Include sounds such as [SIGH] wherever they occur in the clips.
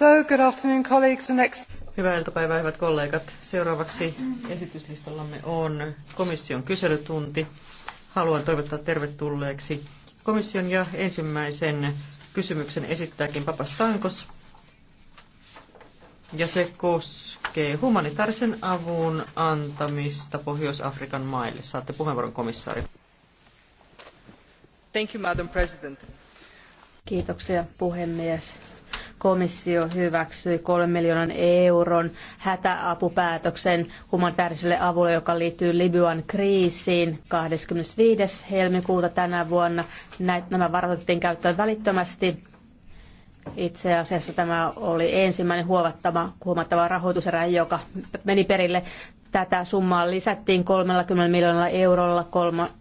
So, good afternoon, colleagues. The next... Hyvää iltapäivää, hyvät kollegat. Seuraavaksi esityslistallamme on komission kyselytunti. Haluan toivottaa tervetulleeksi komission ja ensimmäisen kysymyksen esittääkin Papastankos. Ja se koskee humanitaarisen avun antamista Pohjois-Afrikan maille. Saatte puheenvuoron komissaari. Thank you, Madam President. Kiitoksia puhemies komissio hyväksyi 3 miljoonan euron hätäapupäätöksen humanitaariselle avulle, joka liittyy Libyan kriisiin 25. helmikuuta tänä vuonna. nämä varat otettiin käyttöön välittömästi. Itse asiassa tämä oli ensimmäinen huomattava, huomattava rahoituserä, joka meni perille. Tätä summaa lisättiin 30 miljoonalla eurolla 30.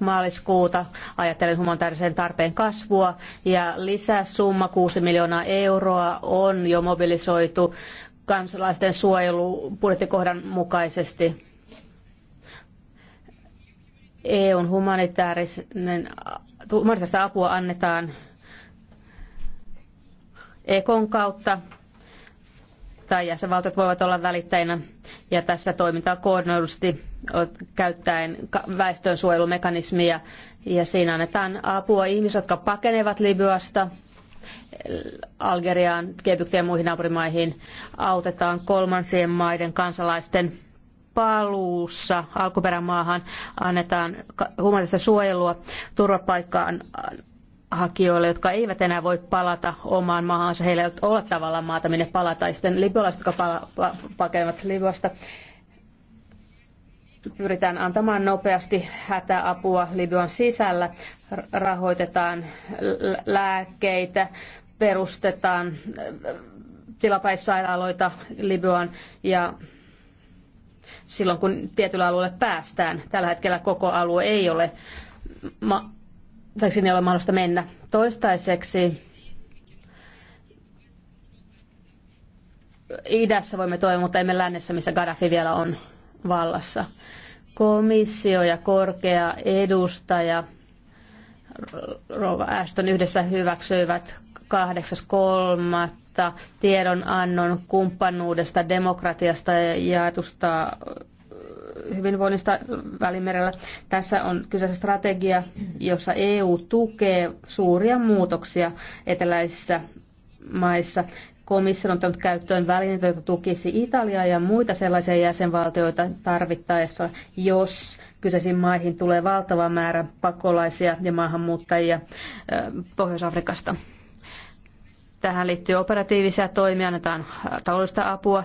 maaliskuuta ajatellen humanitaarisen tarpeen kasvua ja lisäsumma 6 miljoonaa euroa on jo mobilisoitu kansalaisten suojelu budjettikohdan mukaisesti. EUn humanitaarista apua annetaan Ekon kautta tai jäsenvaltiot voivat olla välittäjinä ja tässä toimintaa koordinoidusti käyttäen väestönsuojelumekanismia ja siinä annetaan apua ihmisiä, jotka pakenevat Libyasta Algeriaan, Egyptiin ja muihin naapurimaihin autetaan kolmansien maiden kansalaisten paluussa alkuperämaahan annetaan humanitaarista suojelua, turvapaikkaan hakijoille, jotka eivät enää voi palata omaan maahansa. Heillä ei ole tavallaan maata, minne palata. Ja sitten libyalaiset, jotka pala- pa- pakenevat Libyasta, pyritään antamaan nopeasti hätäapua Libyan sisällä. Rahoitetaan lääkkeitä, perustetaan tilapäissairaaloita Libyan ja silloin kun tietylle alueelle päästään. Tällä hetkellä koko alue ei ole ma- tai sinne ei ole mahdollista mennä. Toistaiseksi idässä voimme toimia, mutta emme lännessä, missä Gaddafi vielä on vallassa. Komissio ja korkea edustaja Rova Ashton yhdessä hyväksyivät 8.3. tiedonannon kumppanuudesta, demokratiasta ja jaetusta hyvinvoinnista Välimerellä. Tässä on kyseessä strategia, jossa EU tukee suuria muutoksia eteläisissä maissa. Komissio on ottanut käyttöön välineitä, jotka tukisi Italiaa ja muita sellaisia jäsenvaltioita tarvittaessa, jos kyseisiin maihin tulee valtava määrä pakolaisia ja maahanmuuttajia Pohjois-Afrikasta. Tähän liittyy operatiivisia toimia, annetaan taloudellista apua,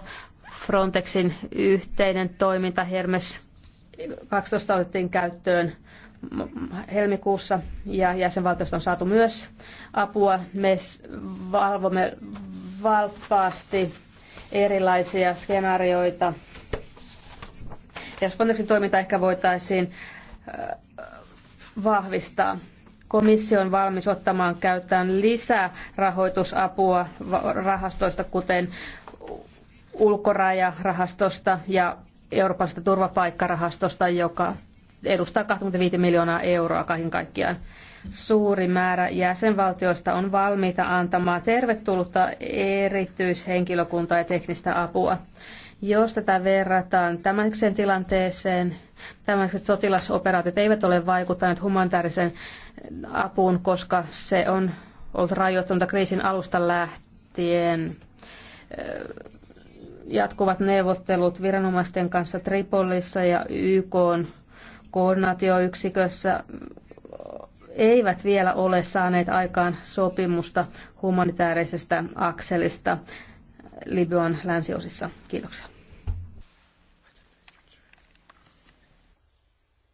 Frontexin yhteinen toiminta Hermes 12 otettiin käyttöön helmikuussa ja jäsenvaltiosta on saatu myös apua. Me valvomme valppaasti erilaisia skenaarioita. ja Frontexin toiminta ehkä voitaisiin vahvistaa. Komissio on valmis ottamaan käyttöön lisää rahoitusapua rahastoista, kuten ulkorajarahastosta ja Euroopan turvapaikkarahastosta, joka edustaa 25 miljoonaa euroa kaiken kaikkiaan. Suuri määrä jäsenvaltioista on valmiita antamaan tervetullutta erityishenkilökuntaa ja teknistä apua. Jos tätä verrataan tämänhetkiseen tilanteeseen, tämmöiset sotilasoperaatiot eivät ole vaikuttaneet humanitaarisen apuun, koska se on ollut rajoittunutta kriisin alusta lähtien jatkuvat neuvottelut viranomaisten kanssa Tripolissa ja YK koordinaatioyksikössä eivät vielä ole saaneet aikaan sopimusta humanitaarisesta akselista Libyan länsiosissa. Kiitoksia.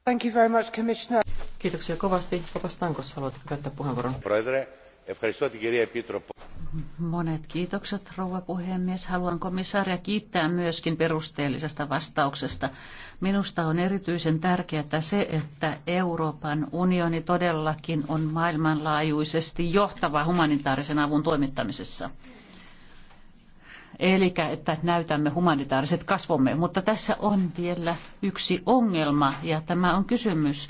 Thank you very much, Commissioner. Kiitoksia kovasti. Papastankos, haluatko käyttää puheenvuoron? Monet kiitokset, rouva puhemies. Haluan komissaaria kiittää myöskin perusteellisesta vastauksesta. Minusta on erityisen tärkeää se, että Euroopan unioni todellakin on maailmanlaajuisesti johtava humanitaarisen avun toimittamisessa. Eli että näytämme humanitaariset kasvomme. Mutta tässä on vielä yksi ongelma ja tämä on kysymys,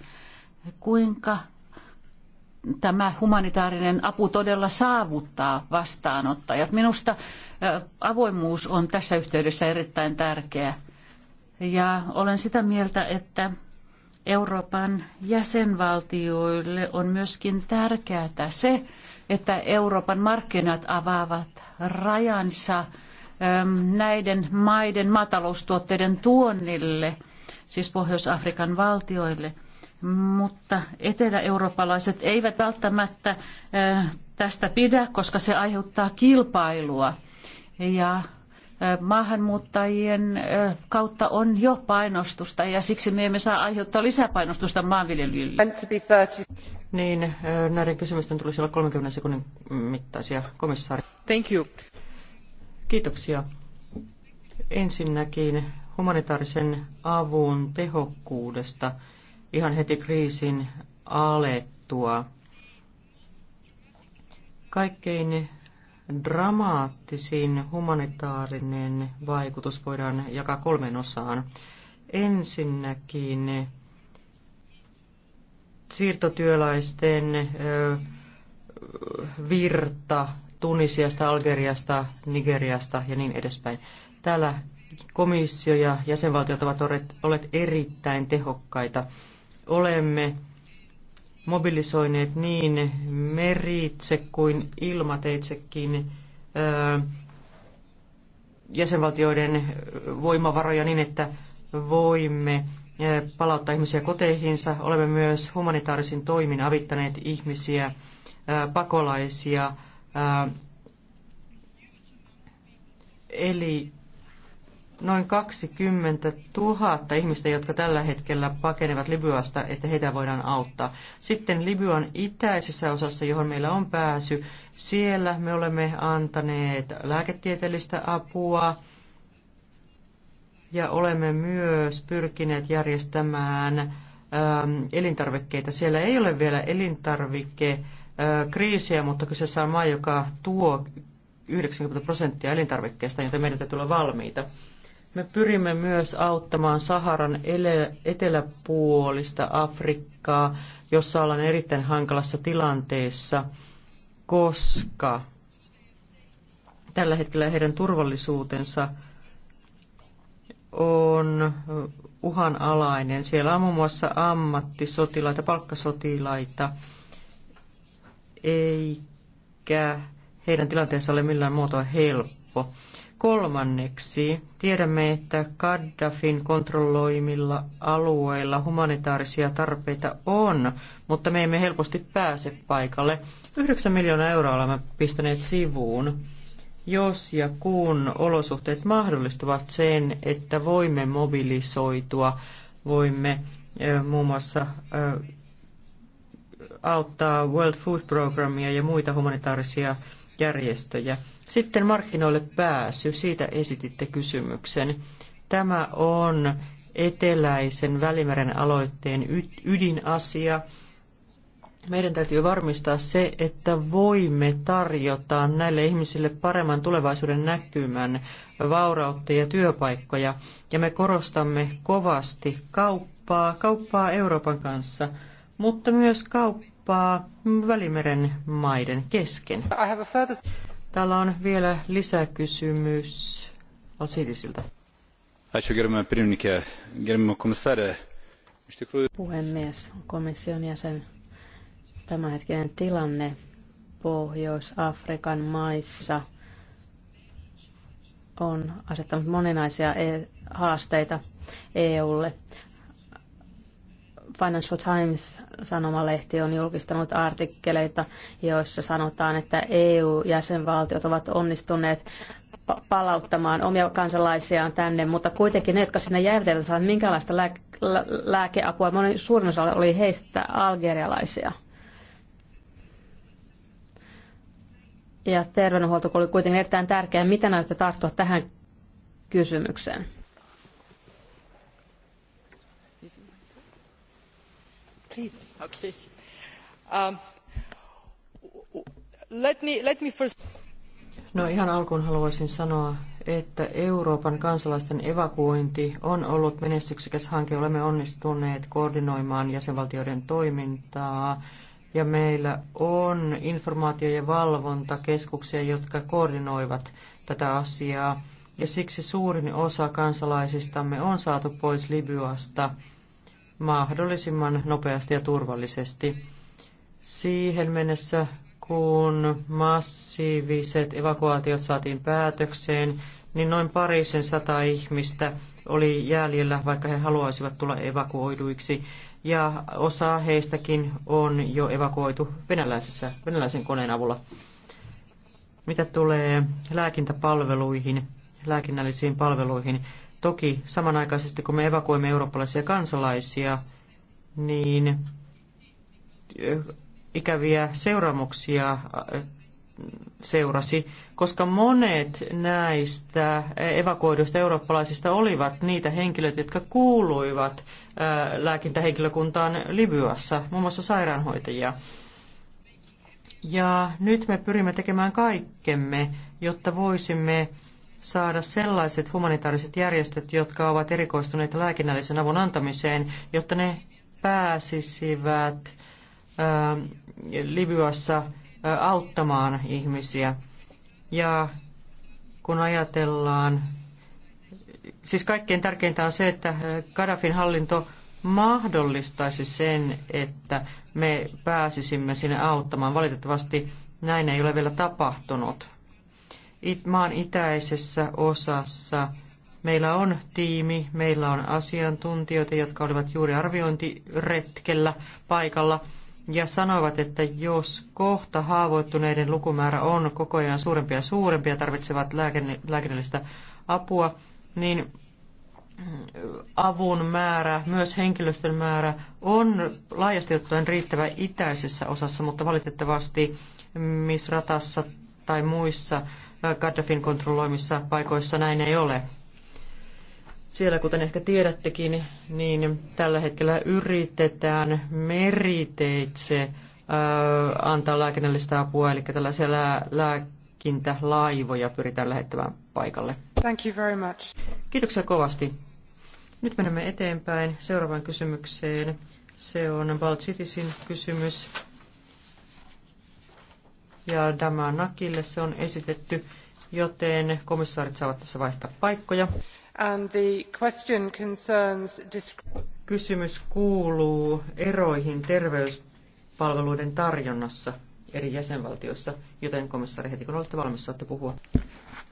kuinka tämä humanitaarinen apu todella saavuttaa vastaanottajat. Minusta avoimuus on tässä yhteydessä erittäin tärkeä. Ja olen sitä mieltä, että Euroopan jäsenvaltioille on myöskin tärkeää se, että Euroopan markkinat avaavat rajansa näiden maiden maataloustuotteiden tuonnille, siis Pohjois-Afrikan valtioille – mutta eteläeurooppalaiset eivät välttämättä tästä pidä, koska se aiheuttaa kilpailua. Ja maahanmuuttajien kautta on jo painostusta ja siksi me emme saa aiheuttaa lisäpainostusta maanviljelijöille. Niin, näiden kysymysten tulisi olla 30 sekunnin mittaisia, komissaari. Thank you. Kiitoksia. Ensinnäkin humanitaarisen avun tehokkuudesta – ihan heti kriisin alettua. Kaikkein dramaattisin humanitaarinen vaikutus voidaan jakaa kolmeen osaan. Ensinnäkin siirtotyöläisten virta Tunisiasta, Algeriasta, Nigeriasta ja niin edespäin. Täällä komissio ja jäsenvaltiot ovat olleet erittäin tehokkaita olemme mobilisoineet niin meritse kuin ilmateitsekin jäsenvaltioiden voimavaroja niin, että voimme palauttaa ihmisiä koteihinsa. Olemme myös humanitaarisin toimin avittaneet ihmisiä, pakolaisia. Eli noin 20 000 ihmistä, jotka tällä hetkellä pakenevat Libyasta, että heitä voidaan auttaa. Sitten Libyan itäisessä osassa, johon meillä on pääsy, siellä me olemme antaneet lääketieteellistä apua ja olemme myös pyrkineet järjestämään ähm, elintarvikkeita. Siellä ei ole vielä elintarvikekriisiä, äh, kriisiä, mutta kyseessä on maa, joka tuo 90 prosenttia elintarvikkeista, joten meidän täytyy olla valmiita. Me pyrimme myös auttamaan Saharan eteläpuolista Afrikkaa, jossa ollaan erittäin hankalassa tilanteessa, koska tällä hetkellä heidän turvallisuutensa on uhanalainen. Siellä on muun muassa ammattisotilaita, palkkasotilaita, eikä heidän tilanteensa ole millään muotoa helppo. Kolmanneksi tiedämme, että Gaddafin kontrolloimilla alueilla humanitaarisia tarpeita on, mutta me emme helposti pääse paikalle. 9 miljoonaa euroa olemme pistäneet sivuun. Jos ja kun olosuhteet mahdollistavat sen, että voimme mobilisoitua, voimme muun muassa auttaa World Food Programmia ja muita humanitaarisia järjestöjä. Sitten markkinoille pääsy, siitä esititte kysymyksen. Tämä on eteläisen välimeren aloitteen ydinasia. Meidän täytyy varmistaa se, että voimme tarjota näille ihmisille paremman tulevaisuuden näkymän, vaurautta ja työpaikkoja. Ja me korostamme kovasti kauppaa, kauppaa Euroopan kanssa, mutta myös kauppaa kauppaa Välimeren maiden kesken. Further... Täällä on vielä lisäkysymys Vasilisilta. Puhemies, komission jäsen, tämänhetkinen tilanne Pohjois-Afrikan maissa on asettanut moninaisia e- haasteita EUlle. Financial Times-sanomalehti on julkistanut artikkeleita, joissa sanotaan, että EU-jäsenvaltiot ovat onnistuneet palauttamaan omia kansalaisiaan tänne, mutta kuitenkin ne, jotka sinne jäivät, eivät saaneet minkäänlaista lää- lääkeapua. Monen suurin osa oli heistä algerialaisia. Ja terveydenhuolto oli kuitenkin erittäin tärkeää. Miten näytte tarttua tähän kysymykseen? Um, no ihan alkuun haluaisin sanoa, että Euroopan kansalaisten evakuointi on ollut menestyksekäs hanke. Olemme onnistuneet koordinoimaan jäsenvaltioiden toimintaa ja meillä on informaatio- ja valvontakeskuksia, jotka koordinoivat tätä asiaa. Ja siksi suurin osa kansalaisistamme on saatu pois Libyasta mahdollisimman nopeasti ja turvallisesti. Siihen mennessä, kun massiiviset evakuaatiot saatiin päätökseen, niin noin parisen sata ihmistä oli jäljellä, vaikka he haluaisivat tulla evakuoiduiksi. Ja osa heistäkin on jo evakuoitu venäläisessä, venäläisen koneen avulla. Mitä tulee lääkintäpalveluihin, lääkinnällisiin palveluihin, Toki samanaikaisesti kun me evakuoimme eurooppalaisia kansalaisia, niin eh, ikäviä seuraamuksia eh, seurasi, koska monet näistä eh, evakuoiduista eurooppalaisista olivat niitä henkilöitä, jotka kuuluivat lääkintähenkilökuntaan Libyassa, muun muassa sairaanhoitajia. Ja nyt me pyrimme tekemään kaikkemme, jotta voisimme saada sellaiset humanitaariset järjestöt, jotka ovat erikoistuneita lääkinnällisen avun antamiseen, jotta ne pääsisivät ää, ähm, Libyassa äh, auttamaan ihmisiä. Ja kun ajatellaan, siis kaikkein tärkeintä on se, että äh, Gaddafin hallinto mahdollistaisi sen, että me pääsisimme sinne auttamaan. Valitettavasti näin ei ole vielä tapahtunut it, maan itäisessä osassa. Meillä on tiimi, meillä on asiantuntijoita, jotka olivat juuri arviointiretkellä paikalla ja sanoivat, että jos kohta haavoittuneiden lukumäärä on koko ajan suurempi ja suurempi tarvitsevat lääkinnällistä apua, niin avun määrä, myös henkilöstön määrä on laajasti ottaen riittävä itäisessä osassa, mutta valitettavasti misratassa tai muissa Gaddafin kontrolloimissa paikoissa näin ei ole. Siellä, kuten ehkä tiedättekin, niin tällä hetkellä yritetään meriteitse antaa lääkinnällistä apua, eli tällaisia lää, lääkintälaivoja pyritään lähettämään paikalle. Thank you very much. Kiitoksia kovasti. Nyt menemme eteenpäin seuraavaan kysymykseen. Se on Balchitisin kysymys ja Dama Nakille se on esitetty, joten komissaarit saavat tässä vaihtaa paikkoja. And the question Concerns... Kysymys kuuluu eroihin terveyspalveluiden tarjonnassa eri jäsenvaltioissa, joten komissaari heti kun olette valmis, saatte puhua.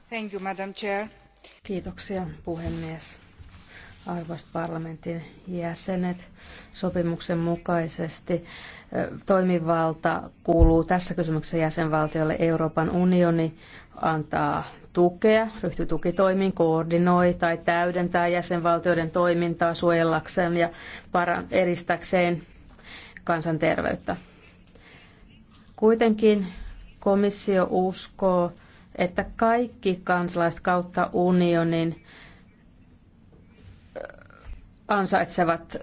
Thank you, Madam Chair. Kiitoksia, puhemies arvoisat parlamentin jäsenet sopimuksen mukaisesti. Toimivalta kuuluu tässä kysymyksessä jäsenvaltiolle. Euroopan unioni antaa tukea, ryhtyy tukitoimiin, koordinoi tai täydentää jäsenvaltioiden toimintaa suojellakseen ja edistäkseen kansanterveyttä. Kuitenkin komissio uskoo, että kaikki kansalaiset kautta unionin ansaitsevat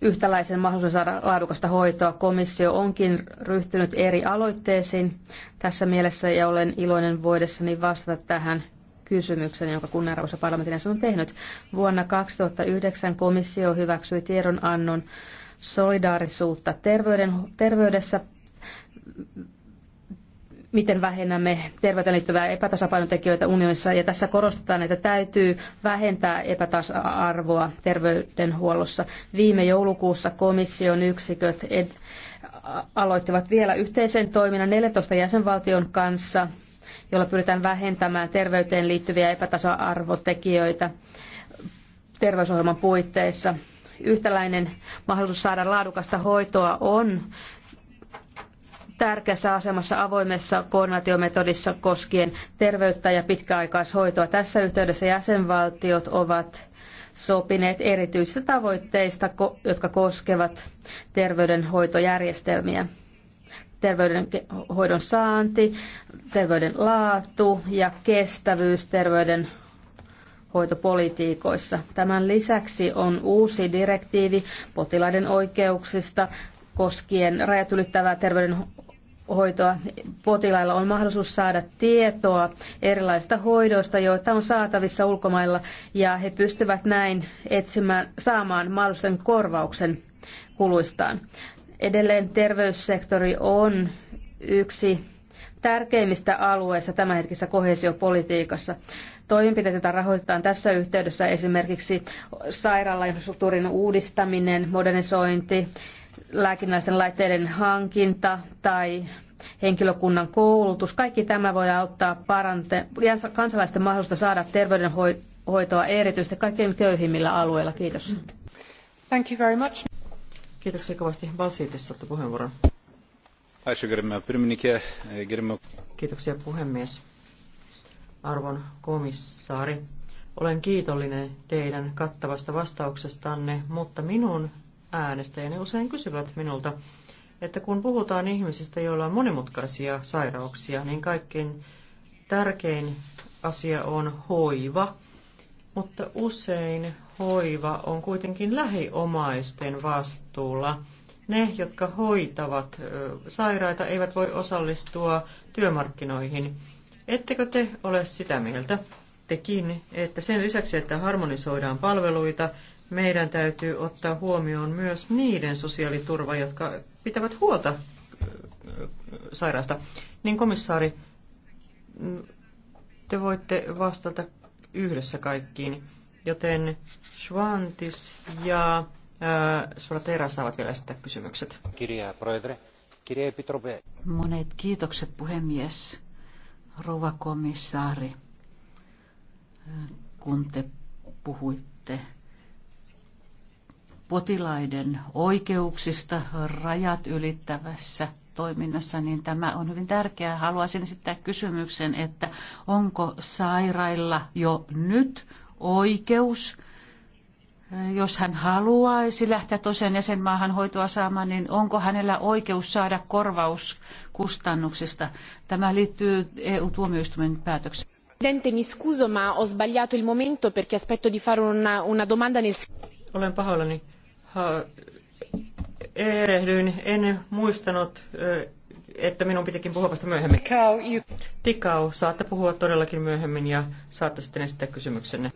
yhtäläisen mahdollisuuden saada laadukasta hoitoa. Komissio onkin ryhtynyt eri aloitteisiin tässä mielessä ja olen iloinen voidessani vastata tähän kysymyksen, jonka kunnianarvoisa parlamentin on tehnyt. Vuonna 2009 komissio hyväksyi tiedonannon solidaarisuutta terveyden, terveydessä miten vähennämme terveyteen liittyviä epätasapainotekijöitä unionissa. Ja tässä korostetaan, että täytyy vähentää epätasa-arvoa terveydenhuollossa. Viime joulukuussa komission yksiköt aloittivat vielä yhteisen toiminnan 14 jäsenvaltion kanssa, jolla pyritään vähentämään terveyteen liittyviä epätasa-arvotekijöitä terveysohjelman puitteissa. Yhtäläinen mahdollisuus saada laadukasta hoitoa on tärkeässä asemassa avoimessa koordinaatiometodissa koskien terveyttä ja pitkäaikaishoitoa. Tässä yhteydessä jäsenvaltiot ovat sopineet erityisistä tavoitteista, jotka koskevat terveydenhoitojärjestelmiä. Terveydenhoidon saanti, terveyden laatu ja kestävyys terveyden hoitopolitiikoissa. Tämän lisäksi on uusi direktiivi potilaiden oikeuksista koskien rajat ylittävää terveyden hoitoa. Potilailla on mahdollisuus saada tietoa erilaisista hoidoista, joita on saatavissa ulkomailla, ja he pystyvät näin etsimään, saamaan mahdollisen korvauksen kuluistaan. Edelleen terveyssektori on yksi tärkeimmistä alueista tämänhetkisessä kohesiopolitiikassa. Toimenpiteet, joita rahoitetaan tässä yhteydessä, esimerkiksi sairaalainfrastruktuurin uudistaminen, modernisointi, lääkinnällisten laitteiden hankinta tai henkilökunnan koulutus. Kaikki tämä voi auttaa parante- kansalaisten mahdollisuutta saada terveydenhoitoa erityisesti kaikkein köyhimmillä alueilla. Kiitos. Thank you very much. Kiitoksia kovasti. Valsiitis saatte puheenvuoron. Kiitoksia puhemies. Arvon komissaari, olen kiitollinen teidän kattavasta vastauksestanne, mutta minun äänestäjäni usein kysyvät minulta, että kun puhutaan ihmisistä, joilla on monimutkaisia sairauksia, niin kaikkein tärkein asia on hoiva, mutta usein hoiva on kuitenkin lähiomaisten vastuulla. Ne, jotka hoitavat sairaita, eivät voi osallistua työmarkkinoihin. Ettekö te ole sitä mieltä, tekin, että sen lisäksi, että harmonisoidaan palveluita, meidän täytyy ottaa huomioon myös niiden sosiaaliturva, jotka pitävät huolta sairaasta. Niin komissaari, te voitte vastata yhdessä kaikkiin, joten Schwantis ja Suratera saavat vielä esittää kysymykset. Kirja Proedre, kirja Epitrope. Monet kiitokset puhemies, rouva komissaari, kun te puhuitte potilaiden oikeuksista rajat ylittävässä toiminnassa, niin tämä on hyvin tärkeää. Haluaisin esittää kysymyksen, että onko sairailla jo nyt oikeus, jos hän haluaisi lähteä toiseen jäsenmaahan hoitoa saamaan, niin onko hänellä oikeus saada korvaus kustannuksista? Tämä liittyy EU-tuomioistuimen päätökseen. Presidente, mi scuso, ma ho sbagliato il momento perché aspetto di fare una, una domanda nel... Olen pahoillani erehdyin, en muistanut, että minun pitikin puhua vasta myöhemmin. Tikau, you... Tikau, saatte puhua todellakin myöhemmin ja saatte sitten esittää kysymyksenne.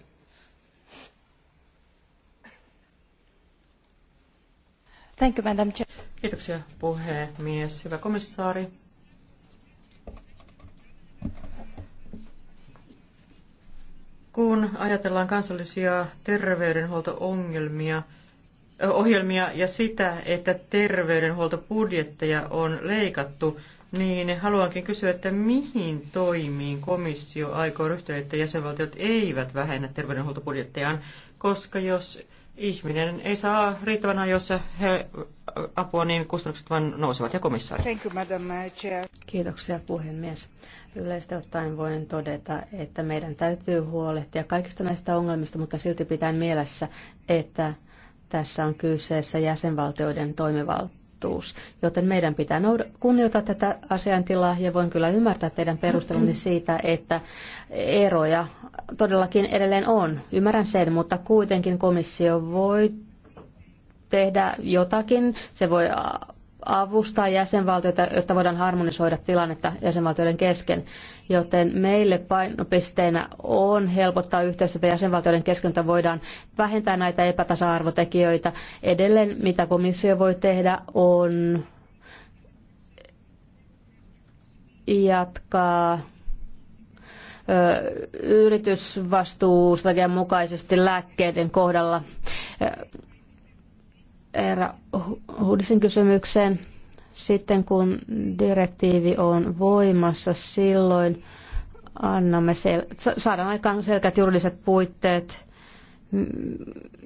Thank you, Madam Kiitoksia puhemies. Hyvä komissaari. Kun ajatellaan kansallisia terveydenhuolto-ongelmia, ohjelmia ja sitä, että terveydenhuoltobudjetteja on leikattu, niin haluankin kysyä, että mihin toimiin komissio aikoo ryhtyä, että jäsenvaltiot eivät vähennä terveydenhuoltobudjettejaan, koska jos ihminen ei saa riittävän ajoissa he, apua, niin kustannukset vain nousevat ja komissaari. Thank you, Madam Chair. Kiitoksia puhemies. Yleisesti ottaen voin todeta, että meidän täytyy huolehtia kaikista näistä ongelmista, mutta silti pitää mielessä, että tässä on kyseessä jäsenvaltioiden toimivaltuus, joten meidän pitää kunnioittaa tätä asiantilaa ja voin kyllä ymmärtää teidän perustelunne siitä, että eroja todellakin edelleen on. Ymmärrän sen, mutta kuitenkin komissio voi tehdä jotakin. Se voi avustaa jäsenvaltioita, jotta voidaan harmonisoida tilannetta jäsenvaltioiden kesken. Joten meille painopisteenä on helpottaa yhteistyötä jäsenvaltioiden kesken, jotta voidaan vähentää näitä epätasa-arvotekijöitä. Edelleen mitä komissio voi tehdä on jatkaa yritysvastuustrategian mukaisesti lääkkeiden kohdalla Eera Hudisin kysymykseen. Sitten kun direktiivi on voimassa, silloin annamme sel- saadaan aikaan selkeät juridiset puitteet,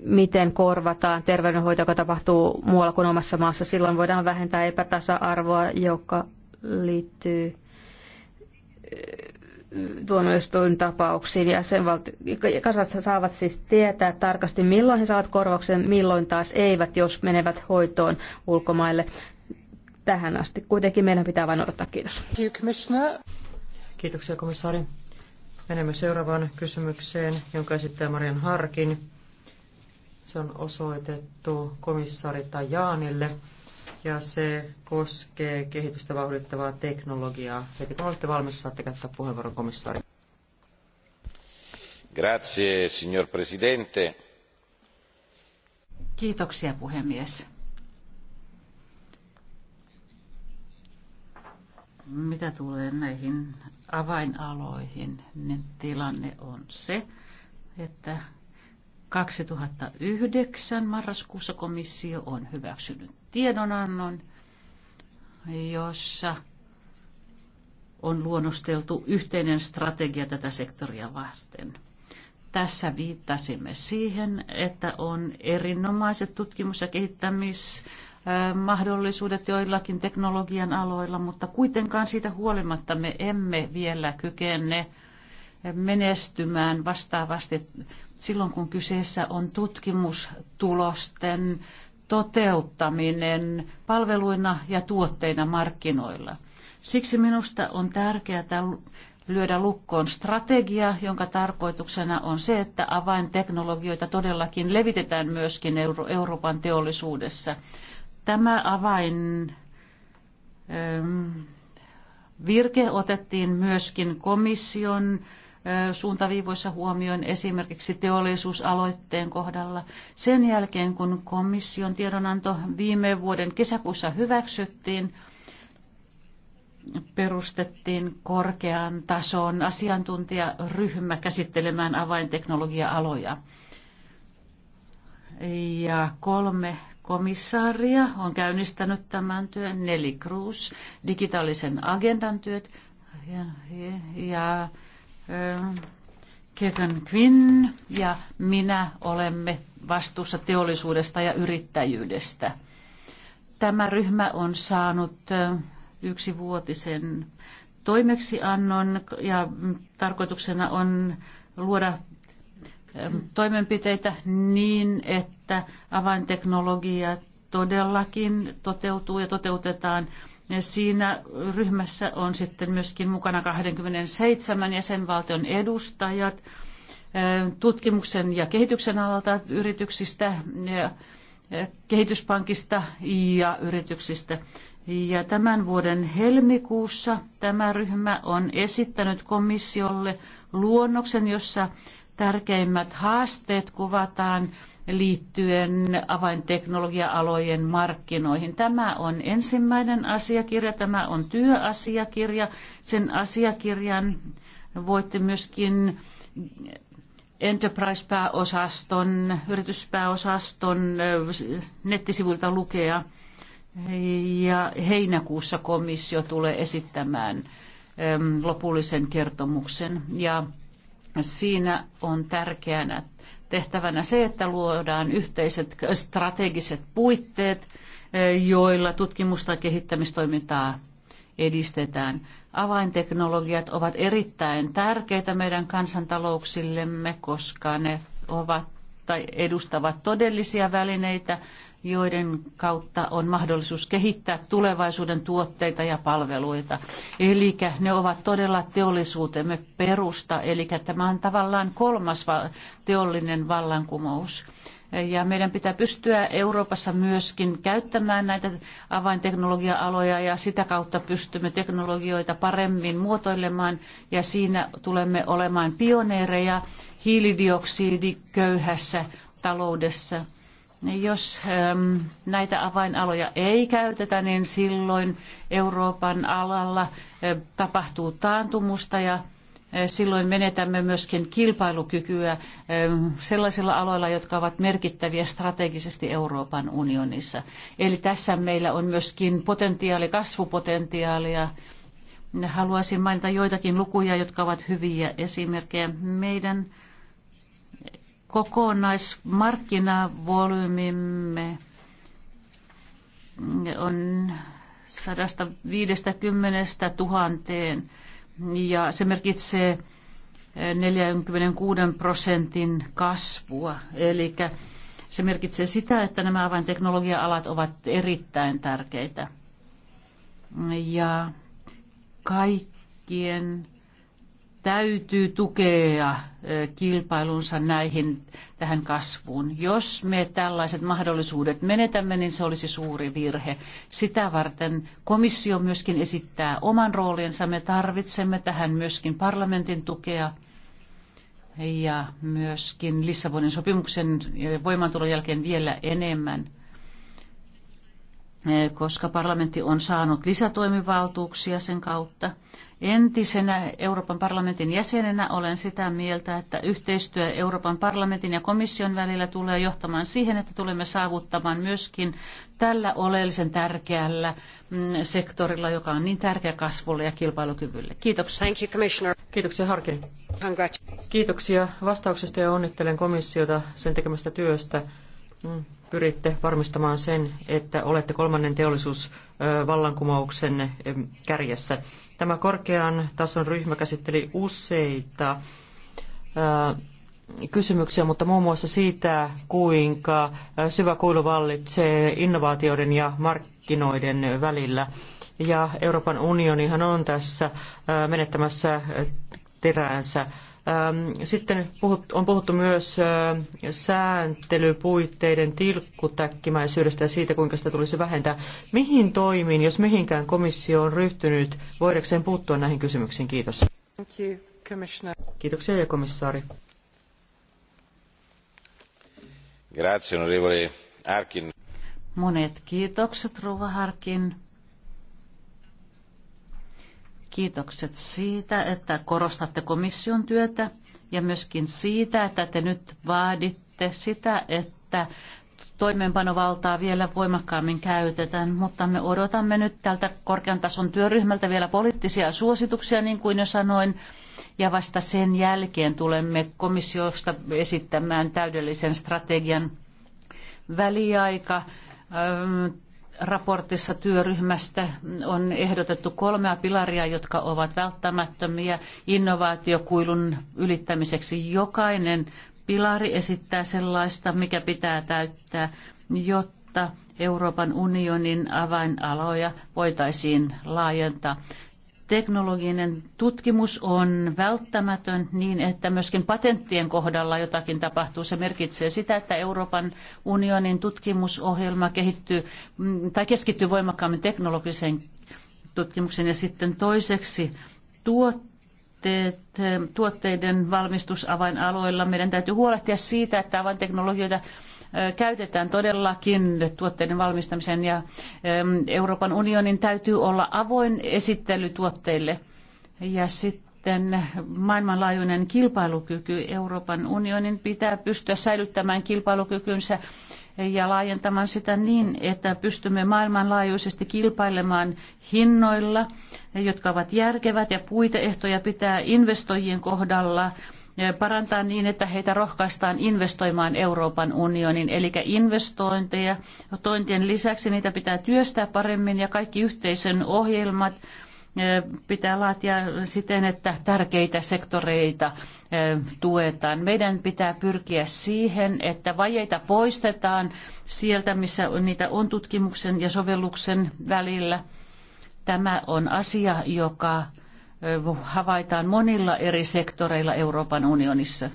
miten korvataan terveydenhoito, joka tapahtuu muualla kuin omassa maassa. Silloin voidaan vähentää epätasa-arvoa, joka liittyy tuomioistuin tapauksiin. Jäsenvalti- kansalaiset saavat siis tietää tarkasti, milloin he saavat korvauksen, milloin taas eivät, jos menevät hoitoon ulkomaille. Tähän asti kuitenkin meidän pitää vain odottaa. Kiitos. Kiitoksia komissaari. Menemme seuraavaan kysymykseen, jonka esittää Marian Harkin. Se on osoitettu komissaari Tajaanille ja se koskee kehitystä vauhdittavaa teknologiaa. Heti kun olette valmis, saatte käyttää puheenvuoron komissaari. Grazie, signor Presidente. Kiitoksia, puhemies. Mitä tulee näihin avainaloihin, niin tilanne on se, että 2009 marraskuussa komissio on hyväksynyt tiedonannon, jossa on luonnosteltu yhteinen strategia tätä sektoria varten. Tässä viittasimme siihen, että on erinomaiset tutkimus- ja kehittämismahdollisuudet joillakin teknologian aloilla, mutta kuitenkaan siitä huolimatta me emme vielä kykene menestymään vastaavasti silloin, kun kyseessä on tutkimustulosten toteuttaminen palveluina ja tuotteina markkinoilla. Siksi minusta on tärkeää lyödä lukkoon strategia, jonka tarkoituksena on se, että avainteknologioita todellakin levitetään myöskin Euro- Euroopan teollisuudessa. Tämä avain ähm, virke otettiin myöskin komission äh, suuntaviivoissa huomioon esimerkiksi teollisuusaloitteen kohdalla. Sen jälkeen, kun komission tiedonanto viime vuoden kesäkuussa hyväksyttiin, perustettiin korkean tason asiantuntijaryhmä käsittelemään avainteknologia-aloja. Ja kolme komissaaria on käynnistänyt tämän työn, Neli Cruz, digitaalisen agendan työt ja, ja, ja Kekan Quinn ja minä olemme vastuussa teollisuudesta ja yrittäjyydestä. Tämä ryhmä on saanut yksivuotisen toimeksiannon ja tarkoituksena on luoda toimenpiteitä niin, että avainteknologia todellakin toteutuu ja toteutetaan Siinä ryhmässä on sitten myöskin mukana 27 jäsenvaltion edustajat tutkimuksen ja kehityksen alalta yrityksistä, ja kehityspankista ja yrityksistä. Ja tämän vuoden helmikuussa tämä ryhmä on esittänyt komissiolle luonnoksen, jossa tärkeimmät haasteet kuvataan liittyen avainteknologia-alojen markkinoihin. Tämä on ensimmäinen asiakirja, tämä on työasiakirja. Sen asiakirjan voitte myöskin Enterprise-pääosaston, yrityspääosaston eh, nettisivuilta lukea. Ja heinäkuussa komissio tulee esittämään eh, lopullisen kertomuksen. Ja siinä on tärkeänä tehtävänä se, että luodaan yhteiset strategiset puitteet, eh, joilla tutkimusta ja kehittämistoimintaa edistetään. Avainteknologiat ovat erittäin tärkeitä meidän kansantalouksillemme, koska ne ovat tai edustavat todellisia välineitä, joiden kautta on mahdollisuus kehittää tulevaisuuden tuotteita ja palveluita. Eli ne ovat todella teollisuutemme perusta, eli tämä on tavallaan kolmas teollinen vallankumous. Ja meidän pitää pystyä Euroopassa myöskin käyttämään näitä avainteknologia-aloja ja sitä kautta pystymme teknologioita paremmin muotoilemaan ja siinä tulemme olemaan pioneereja hiilidioksidiköyhässä taloudessa – jos ähm, näitä avainaloja ei käytetä, niin silloin Euroopan alalla äh, tapahtuu taantumusta ja äh, silloin menetämme myöskin kilpailukykyä äh, sellaisilla aloilla, jotka ovat merkittäviä strategisesti Euroopan unionissa. Eli tässä meillä on myöskin potentiaali, kasvupotentiaalia. Haluaisin mainita joitakin lukuja, jotka ovat hyviä esimerkkejä meidän kokonaismarkkinavolyymimme on 150 tuhanteen ja se merkitsee 46 prosentin kasvua. Eli se merkitsee sitä, että nämä avainteknologia-alat ovat erittäin tärkeitä. Ja kaikkien täytyy tukea kilpailunsa näihin tähän kasvuun. Jos me tällaiset mahdollisuudet menetämme, niin se olisi suuri virhe. Sitä varten komissio myöskin esittää oman roolinsa. Me tarvitsemme tähän myöskin parlamentin tukea ja myöskin Lissabonin sopimuksen voimaantulon jälkeen vielä enemmän. Eh, koska parlamentti on saanut lisätoimivaltuuksia sen kautta. Entisenä Euroopan parlamentin jäsenenä olen sitä mieltä, että yhteistyö Euroopan parlamentin ja komission välillä tulee johtamaan siihen, että tulemme saavuttamaan myöskin tällä oleellisen tärkeällä mm, sektorilla, joka on niin tärkeä kasvulle ja kilpailukyvylle. Kiitoksia. Thank you, Commissioner. Kiitoksia Harkin. Kiitoksia vastauksesta ja onnittelen komissiota sen tekemästä työstä pyritte varmistamaan sen, että olette kolmannen teollisuusvallankumouksen kärjessä. Tämä korkean tason ryhmä käsitteli useita kysymyksiä, mutta muun muassa siitä, kuinka syvä kuilu vallitsee innovaatioiden ja markkinoiden välillä. Ja Euroopan unionihan on tässä menettämässä teräänsä Ähm, sitten on puhuttu myös äh, sääntelypuitteiden tilkkutäkkimäisyydestä ja siitä, kuinka sitä tulisi vähentää. Mihin toimiin, jos mihinkään komissio on ryhtynyt, voidakseen puuttua näihin kysymyksiin? Kiitos. Thank you, Kiitoksia ja komissaari. Grazie, onorevole Arkin. Monet kiitokset, Ruva Harkin. Kiitokset siitä, että korostatte komission työtä ja myöskin siitä, että te nyt vaaditte sitä, että toimeenpanovaltaa vielä voimakkaammin käytetään, mutta me odotamme nyt tältä korkean tason työryhmältä vielä poliittisia suosituksia, niin kuin jo sanoin, ja vasta sen jälkeen tulemme komissiosta esittämään täydellisen strategian väliaika raportissa työryhmästä on ehdotettu kolmea pilaria, jotka ovat välttämättömiä innovaatiokuilun ylittämiseksi. Jokainen pilari esittää sellaista, mikä pitää täyttää, jotta Euroopan unionin avainaloja voitaisiin laajentaa teknologinen tutkimus on välttämätön niin, että myöskin patenttien kohdalla jotakin tapahtuu. Se merkitsee sitä, että Euroopan unionin tutkimusohjelma kehittyy mm, tai keskittyy voimakkaammin teknologiseen tutkimukseen ja sitten toiseksi tuotteet, tuotteiden valmistusavainaloilla. Meidän täytyy huolehtia siitä, että avainteknologioita teknologioita käytetään todellakin tuotteiden valmistamiseen ja Euroopan unionin täytyy olla avoin esittely tuotteille. Ja sitten maailmanlaajuinen kilpailukyky. Euroopan unionin pitää pystyä säilyttämään kilpailukykynsä ja laajentamaan sitä niin, että pystymme maailmanlaajuisesti kilpailemaan hinnoilla, jotka ovat järkevät ja puiteehtoja pitää investoijien kohdalla parantaa niin, että heitä rohkaistaan investoimaan Euroopan unionin. Eli investointeja tointien lisäksi niitä pitää työstää paremmin ja kaikki yhteisön ohjelmat pitää laatia siten, että tärkeitä sektoreita tuetaan. Meidän pitää pyrkiä siihen, että vajeita poistetaan sieltä, missä niitä on tutkimuksen ja sovelluksen välillä. Tämä on asia, joka havaitaan monilla eri sektoreilla Euroopan unionissa.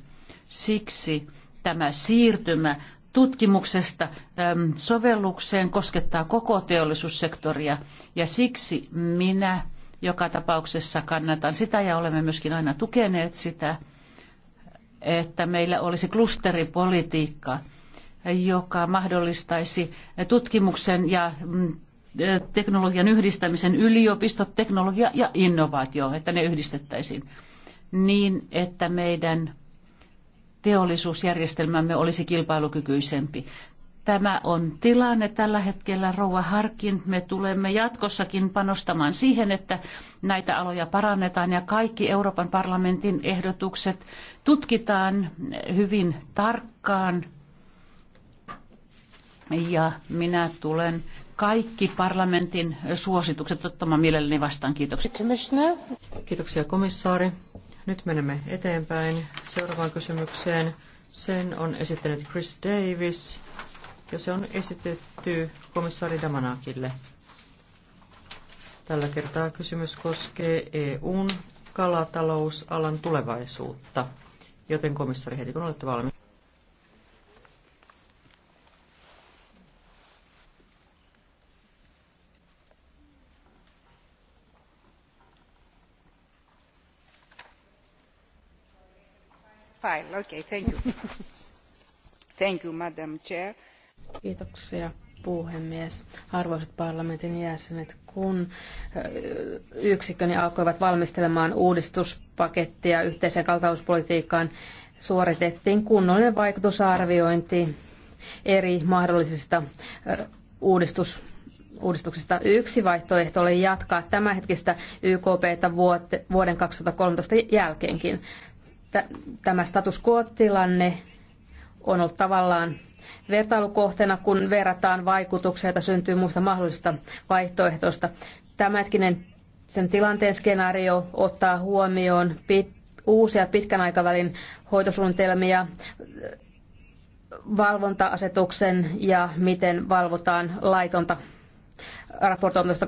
Siksi tämä siirtymä tutkimuksesta ähm, sovellukseen koskettaa koko teollisuussektoria ja siksi minä joka tapauksessa kannatan sitä ja olemme myöskin aina tukeneet sitä, että meillä olisi klusteripolitiikka, joka mahdollistaisi tutkimuksen ja mm, teknologian yhdistämisen yliopistot, teknologia ja innovaatio, että ne yhdistettäisiin niin, että meidän teollisuusjärjestelmämme olisi kilpailukykyisempi. Tämä on tilanne tällä hetkellä, Rouva Harkin. Me tulemme jatkossakin panostamaan siihen, että näitä aloja parannetaan ja kaikki Euroopan parlamentin ehdotukset tutkitaan hyvin tarkkaan. Ja minä tulen kaikki parlamentin suositukset ottamaan mielelläni vastaan. Kiitoksia. Kiitoksia komissaari. Nyt menemme eteenpäin seuraavaan kysymykseen. Sen on esittänyt Chris Davis ja se on esitetty komissaari Damanakille. Tällä kertaa kysymys koskee EUn kalatalousalan tulevaisuutta, joten komissari heti kun olette valmiita. file. [LAUGHS] Kiitoksia puhemies. Arvoisat parlamentin jäsenet, kun yksikköni alkoivat valmistelemaan uudistuspakettia yhteiseen kaltauspolitiikkaan, suoritettiin kunnollinen vaikutusarviointi eri mahdollisista uudistus Yksi vaihtoehto oli jatkaa tämänhetkistä YKPtä vuoden 2013 jälkeenkin tämä status quo-tilanne on ollut tavallaan vertailukohteena, kun verrataan vaikutuksia, joita syntyy muista mahdollisista vaihtoehdoista. Tämänhetkinen sen tilanteen skenaario ottaa huomioon pit, uusia pitkän aikavälin hoitosuunnitelmia, valvonta-asetuksen ja miten valvotaan laitonta raportoimista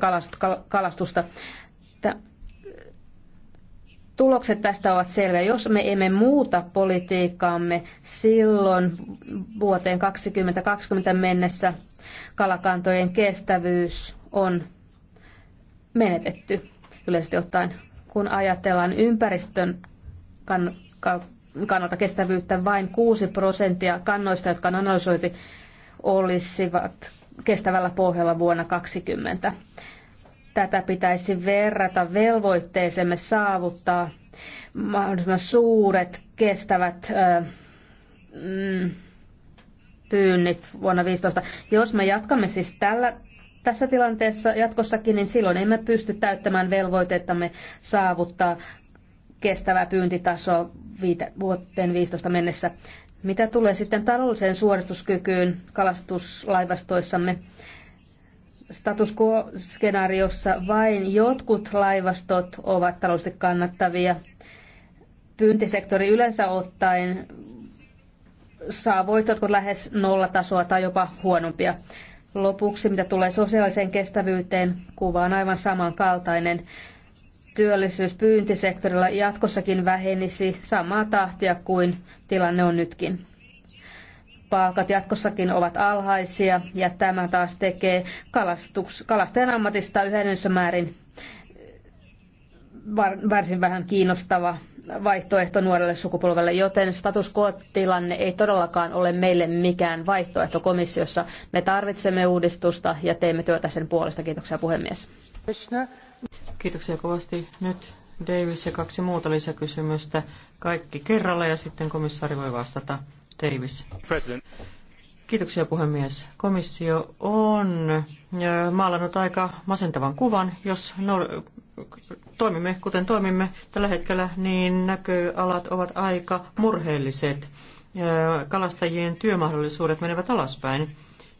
kalastusta. Tulokset tästä ovat selviä. Jos me emme muuta politiikkaamme, silloin vuoteen 2020 mennessä kalakantojen kestävyys on menetetty yleisesti ottaen. Kun ajatellaan ympäristön kannalta kestävyyttä, vain 6 prosenttia kannoista, jotka on analysoitu, olisivat kestävällä pohjalla vuonna 2020 Tätä pitäisi verrata velvoitteeseemme saavuttaa mahdollisimman suuret kestävät ö, mm, pyynnit vuonna 15. Jos me jatkamme siis tällä, tässä tilanteessa jatkossakin, niin silloin emme pysty täyttämään velvoitettamme saavuttaa kestävää pyyntitasoa viite, vuoteen 15 mennessä. Mitä tulee sitten taloudelliseen suorituskykyyn kalastuslaivastoissamme, status quo-skenaariossa vain jotkut laivastot ovat taloudellisesti kannattavia. Pyyntisektori yleensä ottaen saa voitot lähes nollatasoa tai jopa huonompia. Lopuksi, mitä tulee sosiaaliseen kestävyyteen, kuva on aivan samankaltainen. Työllisyys pyyntisektorilla jatkossakin vähenisi samaa tahtia kuin tilanne on nytkin palkat jatkossakin ovat alhaisia ja tämä taas tekee kalastuks, kalastajan ammatista yhdessä määrin var, varsin vähän kiinnostava vaihtoehto nuorelle sukupolvelle, joten status quo-tilanne ei todellakaan ole meille mikään vaihtoehto komissiossa. Me tarvitsemme uudistusta ja teemme työtä sen puolesta. Kiitoksia puhemies. Kiitoksia kovasti. Nyt Davis ja kaksi muuta lisäkysymystä. Kaikki kerralla ja sitten komissaari voi vastata. Davis. President. Kiitoksia puhemies. Komissio on maalannut aika masentavan kuvan. Jos no, toimimme kuten toimimme tällä hetkellä, niin näköalat ovat aika murheelliset. Kalastajien työmahdollisuudet menevät alaspäin.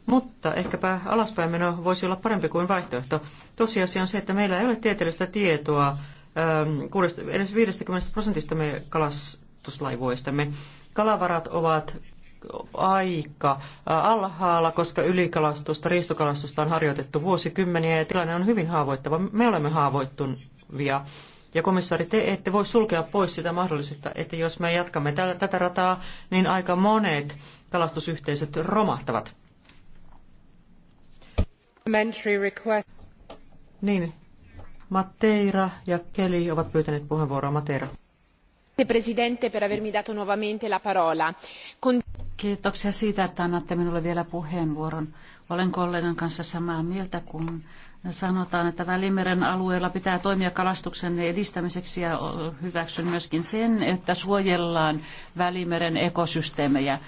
Mutta ehkäpä alaspäin voisi olla parempi kuin vaihtoehto. Tosiasia on se, että meillä ei ole tieteellistä tietoa ähm, edes 50 prosentista me kalastuslaivoistamme kalavarat ovat aika alhaalla, koska ylikalastusta, riistokalastusta on harjoitettu vuosikymmeniä ja tilanne on hyvin haavoittava. Me olemme haavoittuvia. Ja komissaari, te ette voi sulkea pois sitä mahdollisuutta, että jos me jatkamme tätä rataa, niin aika monet kalastusyhteisöt romahtavat. Niin, Matteira ja Keli ovat pyytäneet puheenvuoroa. Matteira presidente per avermi dato nuovamente la parola. Kiitoksia siitä, että annatte minulle vielä puheenvuoron. Olen kollegan kanssa samaa mieltä, kun sanotaan, että Välimeren alueella pitää toimia kalastuksen edistämiseksi ja hyväksyn myöskin sen, että suojellaan Välimeren ekosysteemejä.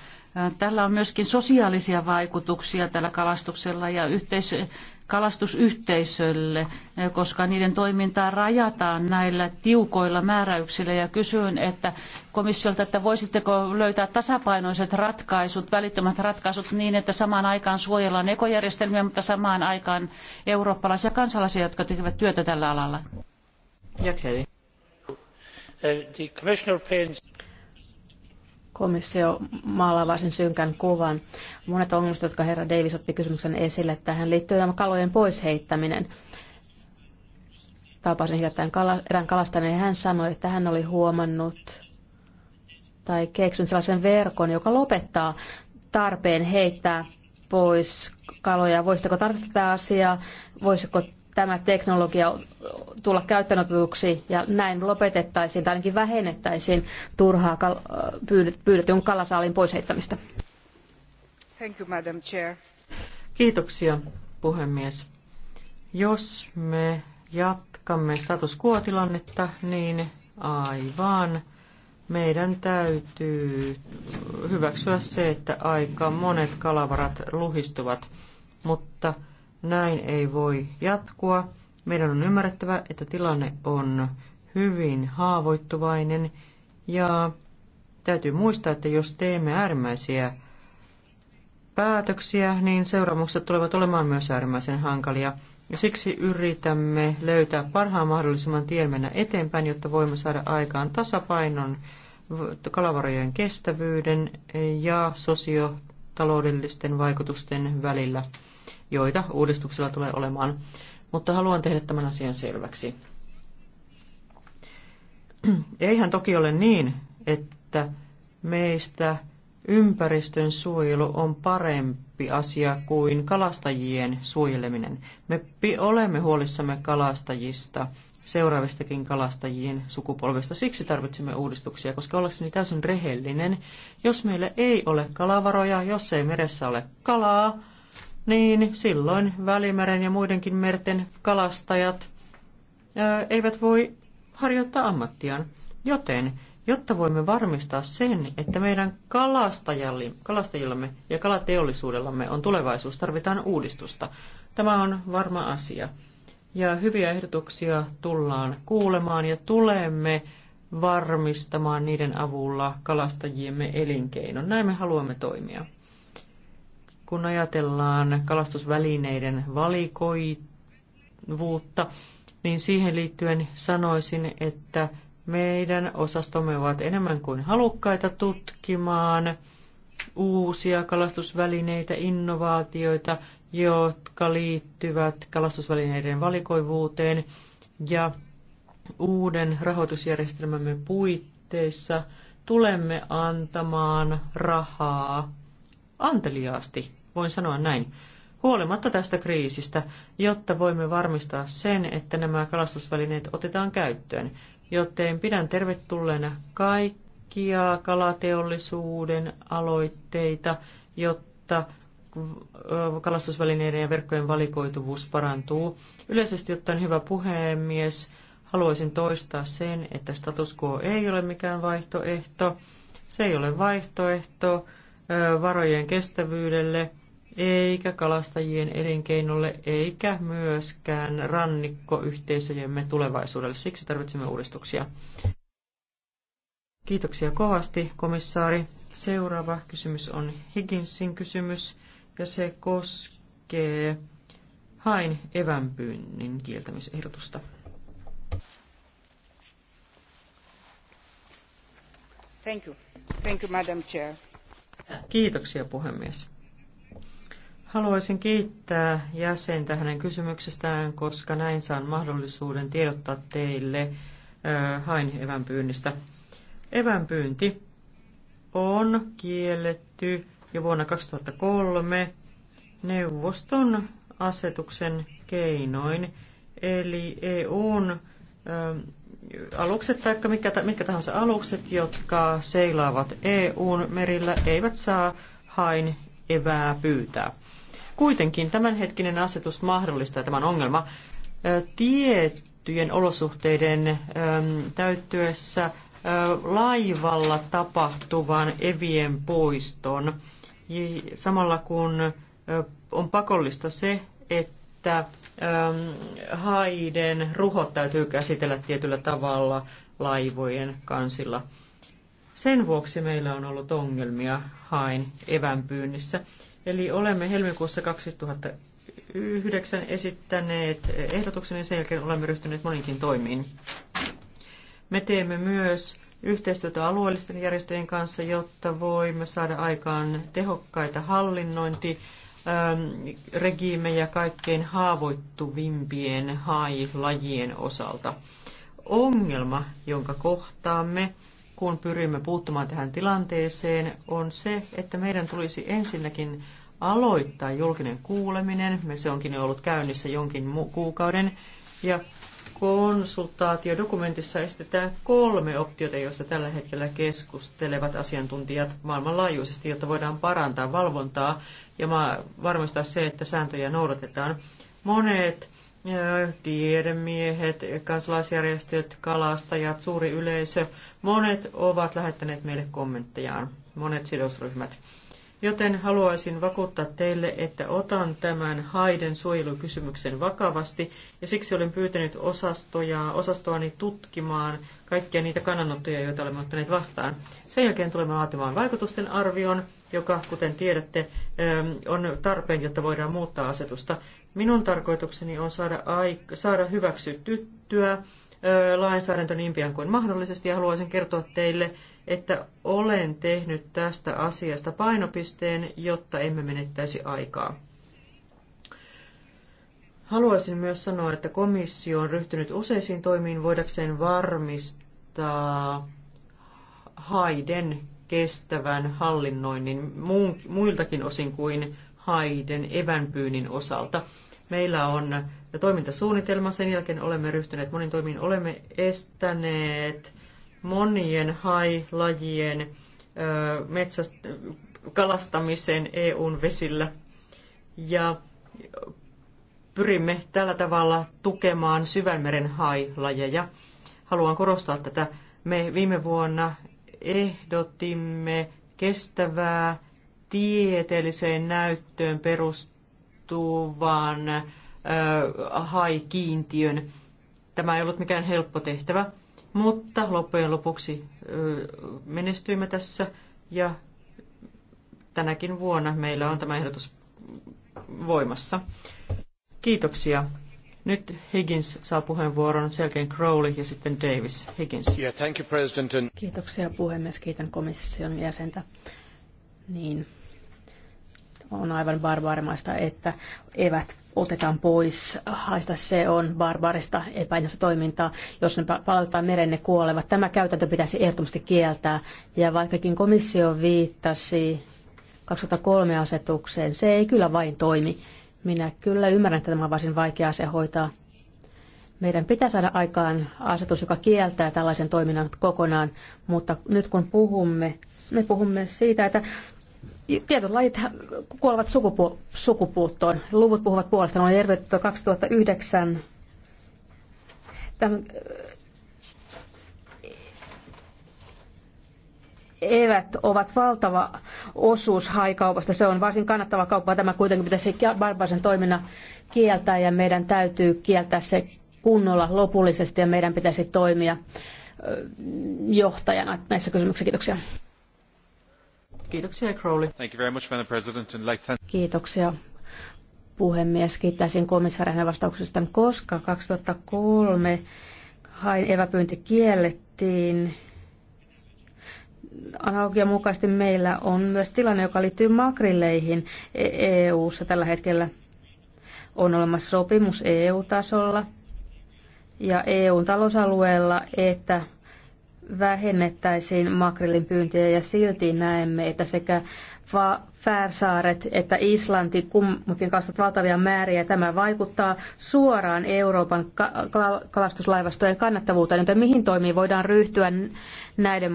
Tällä on myöskin sosiaalisia vaikutuksia tällä kalastuksella ja yhteis- kalastusyhteisölle, koska niiden toimintaa rajataan näillä tiukoilla määräyksillä. Ja kysyn, että komissiolta, että voisitteko löytää tasapainoiset ratkaisut, välittömät ratkaisut niin, että samaan aikaan suojellaan ekojärjestelmiä, mutta samaan aikaan eurooppalaisia kansalaisia, jotka tekevät työtä tällä alalla. Komissio maalaa varsin synkän kuvan. Monet ongelmat, jotka herra Davis otti kysymyksen esille, tähän liittyy tämä kalojen poisheittäminen. Tapasin hiljattain kala, erään kalastajan ja hän sanoi, että hän oli huomannut tai keksinyt sellaisen verkon, joka lopettaa tarpeen heittää pois kaloja. Voisitteko tarkistaa tätä asiaa? Voisiko tämä teknologia tulla käyttöönotetuksi ja näin lopetettaisiin tai ainakin vähennettäisiin turhaa kal- pyydetyn kalasaalin poisheittämistä. Thank you, Madam Chair. Kiitoksia, puhemies. Jos me jatkamme status quo-tilannetta, niin aivan meidän täytyy hyväksyä se, että aika monet kalavarat luhistuvat, mutta – näin ei voi jatkua. Meidän on ymmärrettävä, että tilanne on hyvin haavoittuvainen ja täytyy muistaa, että jos teemme äärimmäisiä päätöksiä, niin seuraamukset tulevat olemaan myös äärimmäisen hankalia. Ja siksi yritämme löytää parhaan mahdollisimman tien mennä eteenpäin, jotta voimme saada aikaan tasapainon kalavarojen kestävyyden ja sosiotaloudellisten vaikutusten välillä joita uudistuksella tulee olemaan, mutta haluan tehdä tämän asian selväksi. Eihän toki ole niin, että meistä ympäristön suojelu on parempi asia kuin kalastajien suojeleminen. Me olemme huolissamme kalastajista, seuraavistakin kalastajien sukupolvesta. Siksi tarvitsemme uudistuksia, koska ollakseni täysin rehellinen, jos meillä ei ole kalavaroja, jos ei meressä ole kalaa, niin silloin Välimeren ja muidenkin merten kalastajat eivät voi harjoittaa ammattiaan. Joten, jotta voimme varmistaa sen, että meidän kalastajillamme ja kalateollisuudellamme on tulevaisuus, tarvitaan uudistusta. Tämä on varma asia. Ja hyviä ehdotuksia tullaan kuulemaan ja tulemme varmistamaan niiden avulla kalastajiemme elinkeinon. Näin me haluamme toimia kun ajatellaan kalastusvälineiden valikoivuutta, niin siihen liittyen sanoisin, että meidän osastomme ovat enemmän kuin halukkaita tutkimaan uusia kalastusvälineitä, innovaatioita, jotka liittyvät kalastusvälineiden valikoivuuteen ja uuden rahoitusjärjestelmämme puitteissa tulemme antamaan rahaa anteliaasti, voin sanoa näin, huolimatta tästä kriisistä, jotta voimme varmistaa sen, että nämä kalastusvälineet otetaan käyttöön. Joten pidän tervetulleena kaikkia kalateollisuuden aloitteita, jotta kalastusvälineiden ja verkkojen valikoituvuus parantuu. Yleisesti ottaen hyvä puhemies, haluaisin toistaa sen, että status quo ei ole mikään vaihtoehto. Se ei ole vaihtoehto varojen kestävyydelle, eikä kalastajien elinkeinolle, eikä myöskään rannikkoyhteisöjemme tulevaisuudelle. Siksi tarvitsemme uudistuksia. Kiitoksia kovasti, komissaari. Seuraava kysymys on Higginsin kysymys, ja se koskee hain evänpyynnin kieltämisehdotusta. Thank you. Thank you, Madam Chair. Kiitoksia puhemies. Haluaisin kiittää jäsentä hänen kysymyksestään, koska näin saan mahdollisuuden tiedottaa teille hain evänpyynnistä. Evänpyynti on kielletty jo vuonna 2003 neuvoston asetuksen keinoin, eli EUn alukset tai mitkä, mitkä tahansa alukset, jotka seilaavat EUn merillä, eivät saa hain evää pyytää. Kuitenkin tämänhetkinen asetus mahdollistaa tämän ongelma tiettyjen olosuhteiden täyttyessä laivalla tapahtuvan evien poiston, samalla kun on pakollista se, että että ähm, haiden ruhot täytyy käsitellä tietyllä tavalla laivojen kansilla. Sen vuoksi meillä on ollut ongelmia hain evänpyynnissä. Eli olemme helmikuussa 2009 esittäneet ehdotuksen ja sen jälkeen olemme ryhtyneet moninkin toimiin. Me teemme myös yhteistyötä alueellisten järjestöjen kanssa, jotta voimme saada aikaan tehokkaita hallinnointi- Ähm, regiimejä kaikkein haavoittuvimpien hailajien osalta. Ongelma, jonka kohtaamme, kun pyrimme puuttumaan tähän tilanteeseen, on se, että meidän tulisi ensinnäkin aloittaa julkinen kuuleminen. Se onkin ollut käynnissä jonkin kuukauden. Ja konsultaatiodokumentissa esitetään kolme optiota, joista tällä hetkellä keskustelevat asiantuntijat maailmanlaajuisesti, jotta voidaan parantaa valvontaa ja varmistaa se, että sääntöjä noudatetaan. Monet tiedemiehet, kansalaisjärjestöt, kalastajat, suuri yleisö, monet ovat lähettäneet meille kommenttejaan, monet sidosryhmät. Joten haluaisin vakuuttaa teille, että otan tämän haiden suojelukysymyksen vakavasti ja siksi olen pyytänyt osastoja, osastoani tutkimaan kaikkia niitä kannanottoja, joita olemme ottaneet vastaan. Sen jälkeen tulemme laatimaan vaikutusten arvion, joka, kuten tiedätte, ähm, on tarpeen, jotta voidaan muuttaa asetusta. Minun tarkoitukseni on saada, aik- saada hyväksytyttyä äh, lainsäädäntö niin pian kuin mahdollisesti ja haluaisin kertoa teille että olen tehnyt tästä asiasta painopisteen, jotta emme menettäisi aikaa. Haluaisin myös sanoa, että komissio on ryhtynyt useisiin toimiin voidakseen varmistaa haiden kestävän hallinnoinnin muiltakin osin kuin haiden evänpyynnin osalta. Meillä on toimintasuunnitelma, sen jälkeen olemme ryhtyneet monin toimiin, olemme estäneet monien hailajien metsäst- kalastamiseen EUn vesillä. Ja pyrimme tällä tavalla tukemaan syvänmeren hailajeja. Haluan korostaa tätä. Me viime vuonna ehdotimme kestävää tieteelliseen näyttöön perustuvan haikiintiön. Tämä ei ollut mikään helppo tehtävä mutta loppujen lopuksi menestyimme tässä ja tänäkin vuonna meillä on tämä ehdotus voimassa. Kiitoksia. Nyt Higgins saa puheenvuoron, sen jälkeen Crowley ja sitten Davis. Higgins. Yeah, thank you, President. Kiitoksia puhemies, kiitän komission jäsentä. Niin, on aivan barbaarimaista, että evät otetaan pois. Haista se on barbaarista epäinnosta toimintaa. Jos ne palautetaan meren ne kuolevat. Tämä käytäntö pitäisi ehdottomasti kieltää. Ja vaikkakin komissio viittasi 2003 asetukseen, se ei kyllä vain toimi. Minä kyllä ymmärrän, että tämä on varsin vaikea asia hoitaa. Meidän pitää saada aikaan asetus, joka kieltää tällaisen toiminnan kokonaan, mutta nyt kun puhumme, me puhumme siitä, että tietyt lajit kuolevat sukupu- sukupuuttoon. Luvut puhuvat puolestaan. on ervetty 2009 tämän, evät ovat valtava osuus haikaupasta. Se on varsin kannattava kauppa. Tämä kuitenkin pitäisi barbaisen toiminnan kieltää ja meidän täytyy kieltää se kunnolla lopullisesti ja meidän pitäisi toimia johtajana näissä kysymyksissä. Kiitoksia. Kiitoksia, Crowley. Thank you very much, Madam President. And like Kiitoksia, puhemies. Kiittäisin komissaari hänen vastauksestaan, koska 2003 hain eväpyynti kiellettiin. Analogian mukaisesti meillä on myös tilanne, joka liittyy makrilleihin EU-ssa e tällä hetkellä. On olemassa sopimus EU-tasolla ja EUn talousalueella, että vähennettäisiin makrillin pyyntiä ja silti näemme, että sekä Färsaaret että Islanti kummatkin kasvat valtavia määriä. Tämä vaikuttaa suoraan Euroopan kalastuslaivastojen kannattavuuteen, joten mihin toimiin voidaan ryhtyä näiden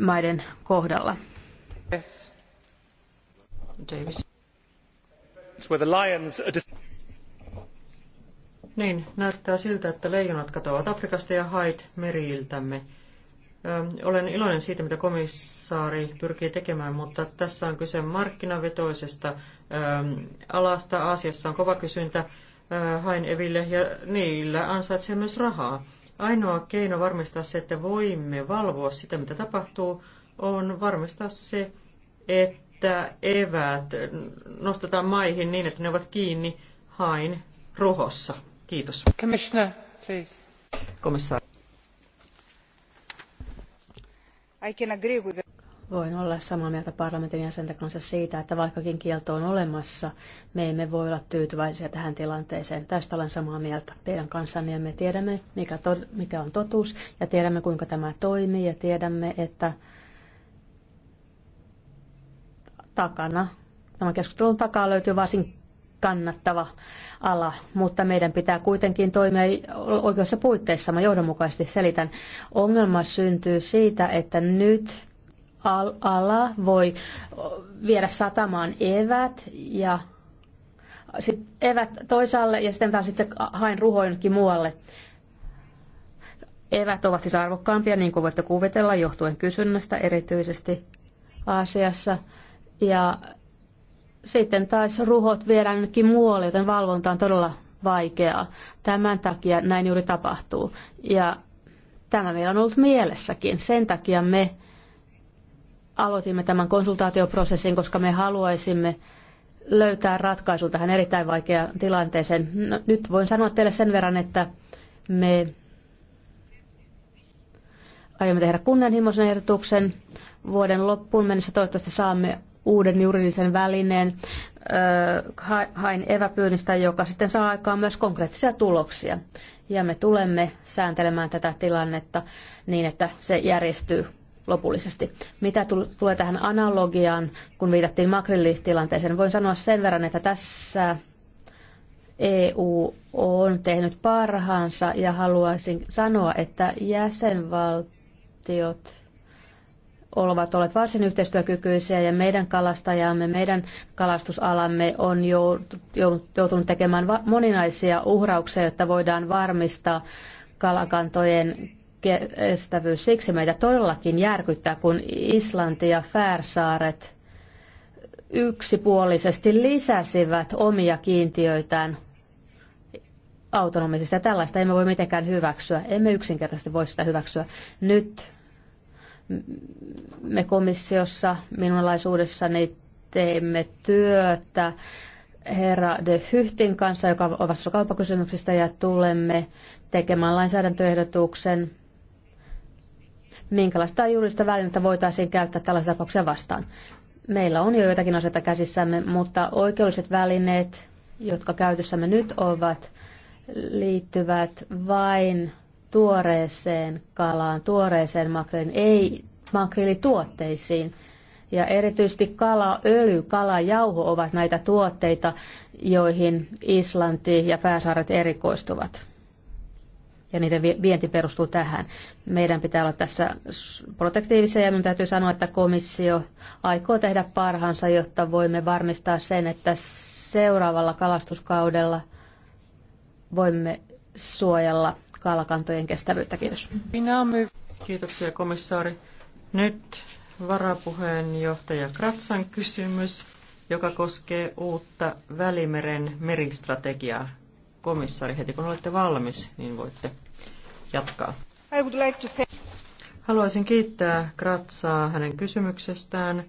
maiden kohdalla? Yes. Davis. Niin, näyttää siltä, että leijonat katoavat Afrikasta ja hait meriiltämme. Ähm, olen iloinen siitä, mitä komissaari pyrkii tekemään, mutta tässä on kyse markkinavetoisesta ähm, alasta. Aasiassa on kova kysyntä äh, haineville ja niillä ansaitsee myös rahaa. Ainoa keino varmistaa se, että voimme valvoa sitä, mitä tapahtuu, on varmistaa se, että eväät nostetaan maihin niin, että ne ovat kiinni hain ruhossa. Kiitos. Komissaari. I can agree with the... Voin olla samaa mieltä parlamentin jäsenten kanssa siitä, että vaikkakin kielto on olemassa, me emme voi olla tyytyväisiä tähän tilanteeseen. Tästä olen samaa mieltä teidän kanssanne ja me tiedämme, mikä, to, mikä on totuus ja tiedämme, kuinka tämä toimii ja tiedämme, että takana, tämän keskustelun takaa löytyy varsin kannattava ala, mutta meidän pitää kuitenkin toimia oikeassa puitteissa. Mä johdonmukaisesti selitän. Ongelma syntyy siitä, että nyt ala voi viedä satamaan evät ja sit evät toisaalle ja sitten taas sitten hain ruhoinkin muualle. Evät ovat siis arvokkaampia, niin kuin voitte kuvitella, johtuen kysynnästä erityisesti Aasiassa. Ja sitten taas ruhot viedään jonnekin muualle, joten valvonta on todella vaikeaa. Tämän takia näin juuri tapahtuu. Ja tämä meillä on ollut mielessäkin. Sen takia me aloitimme tämän konsultaatioprosessin, koska me haluaisimme löytää ratkaisun tähän erittäin vaikeaan tilanteeseen. No, nyt voin sanoa teille sen verran, että me aiomme tehdä kunnianhimoisen ehdotuksen. Vuoden loppuun mennessä toivottavasti saamme uuden juridisen välineen hain eväpyynnistä, joka sitten saa aikaan myös konkreettisia tuloksia. Ja me tulemme sääntelemään tätä tilannetta niin, että se järjestyy lopullisesti. Mitä tulee tähän analogiaan, kun viitattiin makrillitilanteeseen, voin sanoa sen verran, että tässä EU on tehnyt parhaansa ja haluaisin sanoa, että jäsenvaltiot ovat olleet varsin yhteistyökykyisiä ja meidän kalastajamme, meidän kalastusalamme on joutunut tekemään moninaisia uhrauksia, jotta voidaan varmistaa kalakantojen kestävyys. Siksi meitä todellakin järkyttää, kun Islanti ja Färsaaret yksipuolisesti lisäsivät omia kiintiöitään autonomisista. Tällaista emme voi mitenkään hyväksyä. Emme yksinkertaisesti voi sitä hyväksyä. Nyt me komissiossa minunlaisuudessani teemme työtä herra de Fyhtin kanssa, joka on vastuussa kauppakysymyksistä, ja tulemme tekemään lainsäädäntöehdotuksen, minkälaista juridista välinettä voitaisiin käyttää tällaisia tapauksia vastaan. Meillä on jo joitakin asioita käsissämme, mutta oikeudelliset välineet, jotka käytössämme nyt ovat, liittyvät vain tuoreeseen kalaan, tuoreeseen makreliin, ei makrilituotteisiin. Ja erityisesti kalaöljy, kalajauho ovat näitä tuotteita, joihin Islanti ja pääsaaret erikoistuvat. Ja niiden vienti perustuu tähän. Meidän pitää olla tässä protektiivisia ja minun täytyy sanoa, että komissio aikoo tehdä parhaansa, jotta voimme varmistaa sen, että seuraavalla kalastuskaudella voimme suojella kalakantojen kestävyyttä. Kiitos. Kiitoksia komissaari. Nyt varapuheenjohtaja Kratsan kysymys, joka koskee uutta Välimeren meristrategiaa. Komissaari, heti kun olette valmis, niin voitte jatkaa. Haluaisin kiittää Kratsaa hänen kysymyksestään,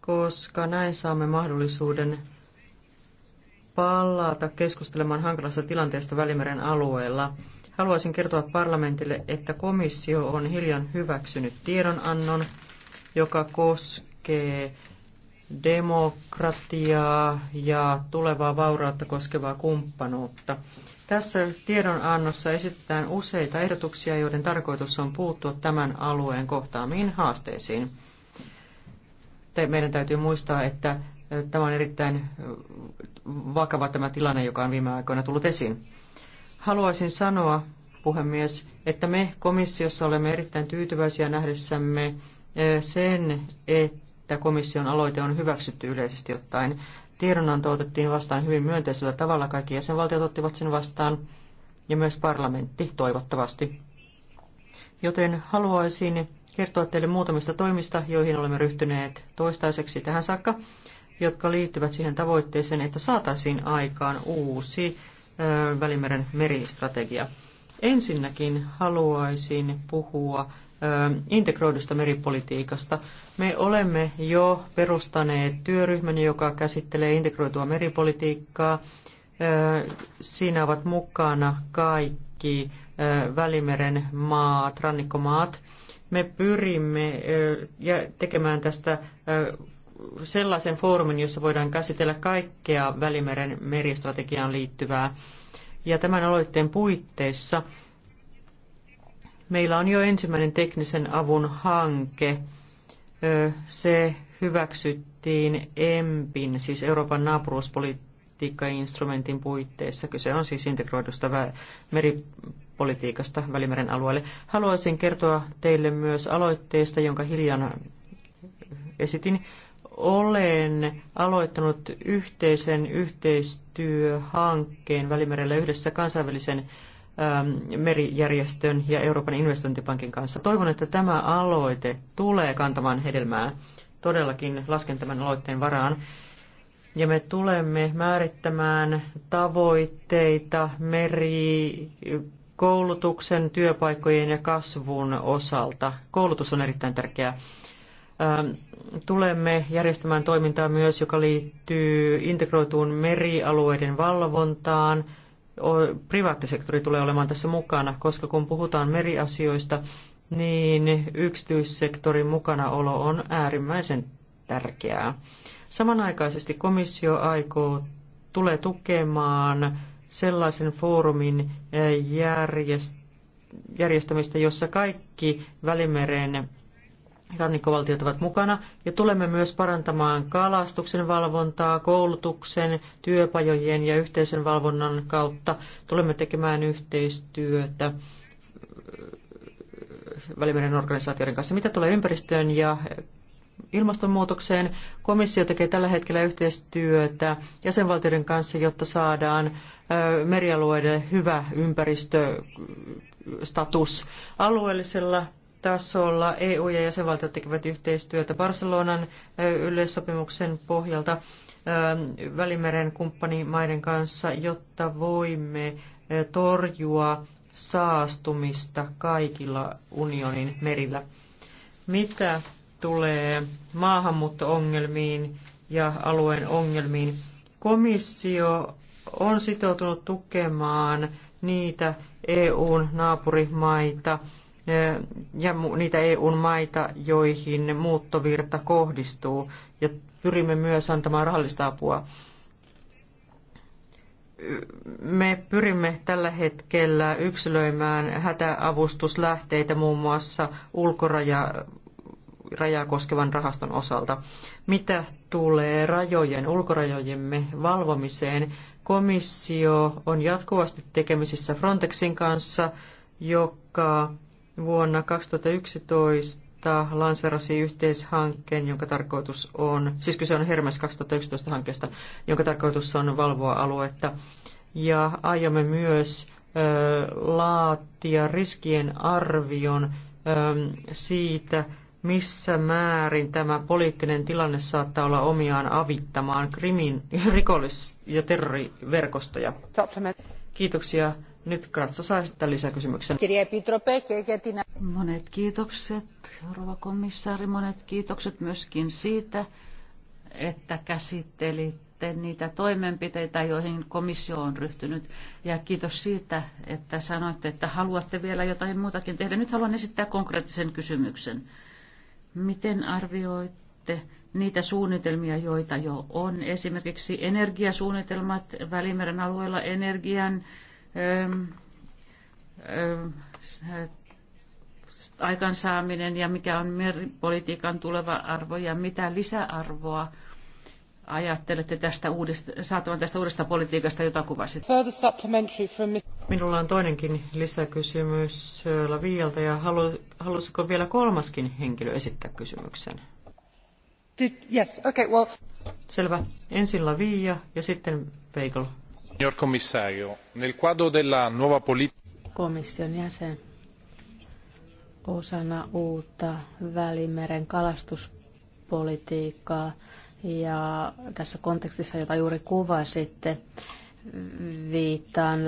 koska näin saamme mahdollisuuden palata keskustelemaan hankalasta tilanteesta Välimeren alueella. Haluaisin kertoa parlamentille, että komissio on hiljan hyväksynyt tiedonannon, joka koskee demokratiaa ja tulevaa vaurautta koskevaa kumppanuutta. Tässä tiedonannossa esitetään useita ehdotuksia, joiden tarkoitus on puuttua tämän alueen kohtaamiin haasteisiin. Meidän täytyy muistaa, että äh, tämä on erittäin äh, vakava tämä tilanne, joka on viime aikoina tullut esiin. Haluaisin sanoa, puhemies, että me komissiossa olemme erittäin tyytyväisiä nähdessämme eh, sen, että komission aloite on hyväksytty yleisesti ottaen. Tiedonanto otettiin vastaan hyvin myönteisellä tavalla. Kaikki jäsenvaltiot ottivat sen vastaan ja myös parlamentti toivottavasti. Joten haluaisin kertoa teille muutamista toimista, joihin olemme ryhtyneet toistaiseksi tähän saakka, jotka liittyvät siihen tavoitteeseen, että saataisiin aikaan uusi Välimeren meristrategia. Ensinnäkin haluaisin puhua integroidusta meripolitiikasta. Me olemme jo perustaneet työryhmän, joka käsittelee integroitua meripolitiikkaa. Siinä ovat mukana kaikki Välimeren maat, rannikkomaat. Me pyrimme tekemään tästä sellaisen foorumin, jossa voidaan käsitellä kaikkea Välimeren meristrategiaan liittyvää. Ja tämän aloitteen puitteissa meillä on jo ensimmäinen teknisen avun hanke. Se hyväksyttiin EMPin, siis Euroopan naapuruuspolitiikka-instrumentin puitteissa. Kyse on siis integroidusta meripolitiikasta Välimeren alueelle. Haluaisin kertoa teille myös aloitteesta, jonka hiljan esitin olen aloittanut yhteisen yhteistyöhankkeen Välimerellä yhdessä kansainvälisen ähm, merijärjestön ja Euroopan investointipankin kanssa. Toivon, että tämä aloite tulee kantamaan hedelmää. Todellakin lasken tämän aloitteen varaan. Ja me tulemme määrittämään tavoitteita meri, koulutuksen, työpaikkojen ja kasvun osalta. Koulutus on erittäin tärkeää. Ähm, tulemme järjestämään toimintaa myös, joka liittyy integroituun merialueiden valvontaan. Privaattisektori tulee olemaan tässä mukana, koska kun puhutaan meriasioista, niin yksityissektorin mukanaolo on äärimmäisen tärkeää. Samanaikaisesti komissio aikoo tulee tukemaan sellaisen foorumin äh, järjestämistä, jossa kaikki Välimeren rannikkovaltiot ovat mukana, ja tulemme myös parantamaan kalastuksen valvontaa koulutuksen, työpajojen ja yhteisen valvonnan kautta. Tulemme tekemään yhteistyötä äh, Välimeren organisaatioiden kanssa. Mitä tulee ympäristöön ja ilmastonmuutokseen, komissio tekee tällä hetkellä yhteistyötä jäsenvaltioiden kanssa, jotta saadaan äh, merialueiden hyvä ympäristöstatus alueellisella tasolla EU ja jäsenvaltiot tekevät yhteistyötä Barcelonan yleissopimuksen pohjalta Välimeren kumppanimaiden kanssa, jotta voimme torjua saastumista kaikilla unionin merillä. Mitä tulee maahanmuuttoongelmiin ja alueen ongelmiin, komissio on sitoutunut tukemaan niitä EUn naapurimaita – ja niitä EU-maita, joihin muuttovirta kohdistuu, ja pyrimme myös antamaan rahallista apua. Me pyrimme tällä hetkellä yksilöimään hätäavustuslähteitä muun muassa ulkoraja rajaa koskevan rahaston osalta. Mitä tulee rajojen, ulkorajojemme valvomiseen, komissio on jatkuvasti tekemisissä Frontexin kanssa, joka vuonna 2011 lanserasi yhteishankkeen, jonka tarkoitus on, siis kyse on Hermes 2011 hankkeesta, jonka tarkoitus on valvoa aluetta. Ja aiomme myös laatia riskien arvion siitä, missä määrin tämä poliittinen tilanne saattaa olla omiaan avittamaan krimin, rikollis- ja terroriverkostoja. Kiitoksia. Nyt Kratsa saa esittää lisäkysymyksen. Monet kiitokset, rouva komissaari, monet kiitokset myöskin siitä, että käsittelitte niitä toimenpiteitä, joihin komissio on ryhtynyt. Ja kiitos siitä, että sanoitte, että haluatte vielä jotain muutakin tehdä. Nyt haluan esittää konkreettisen kysymyksen. Miten arvioitte niitä suunnitelmia, joita jo on? Esimerkiksi energiasuunnitelmat Välimeren alueella energian aikansaaminen ja mikä on meripolitiikan tuleva arvo ja mitä lisäarvoa ajattelette tästä uudesta, saatavan tästä uudesta politiikasta, jota kuvasit? Minulla on toinenkin lisäkysymys Lavialta ja halu, halusiko vielä kolmaskin henkilö esittää kysymyksen? Did, yes, okay, well... Selvä. Ensin Lavia ja sitten Veikol. Signor commissario, nel quadro della nuova politica... Komission jäsen, osana uutta Välimeren kalastuspolitiikkaa ja tässä kontekstissa, jota juuri kuvasitte, viittaan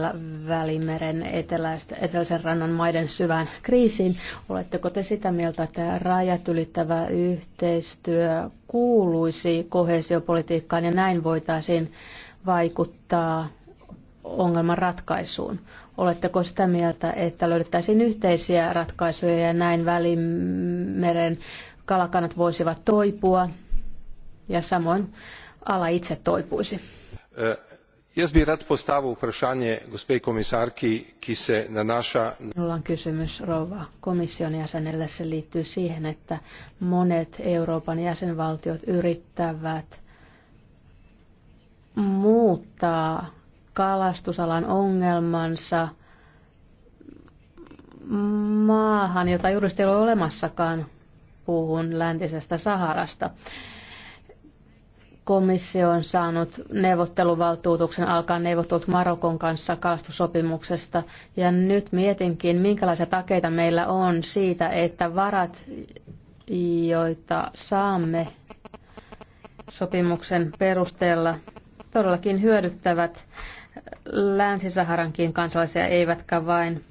Välimeren eteläisen rannan maiden syvään kriisiin. Oletteko te sitä mieltä, että rajat ylittävä yhteistyö kuuluisi kohesiopolitiikkaan ja näin voitaisiin vaikuttaa ongelman ratkaisuun. Oletteko sitä mieltä, että löydettäisiin yhteisiä ratkaisuja ja näin Välimeren kalakannat voisivat toipua ja samoin ala itse toipuisi? Eh, jaz bi rad postavil komisarki, ki se nanaša... Minulla on kysymys rouva komission jäsenelle. Se liittyy siihen, että monet Euroopan jäsenvaltiot yrittävät muuttaa kalastusalan ongelmansa maahan, jota juuri ei ole olemassakaan, puhun läntisestä Saharasta. Komissio on saanut neuvotteluvaltuutuksen alkaa neuvottelut Marokon kanssa kalastusopimuksesta Ja nyt mietinkin, minkälaisia takeita meillä on siitä, että varat, joita saamme sopimuksen perusteella todellakin hyödyttävät Länsi-Saharankin kansalaisia, eivätkä vain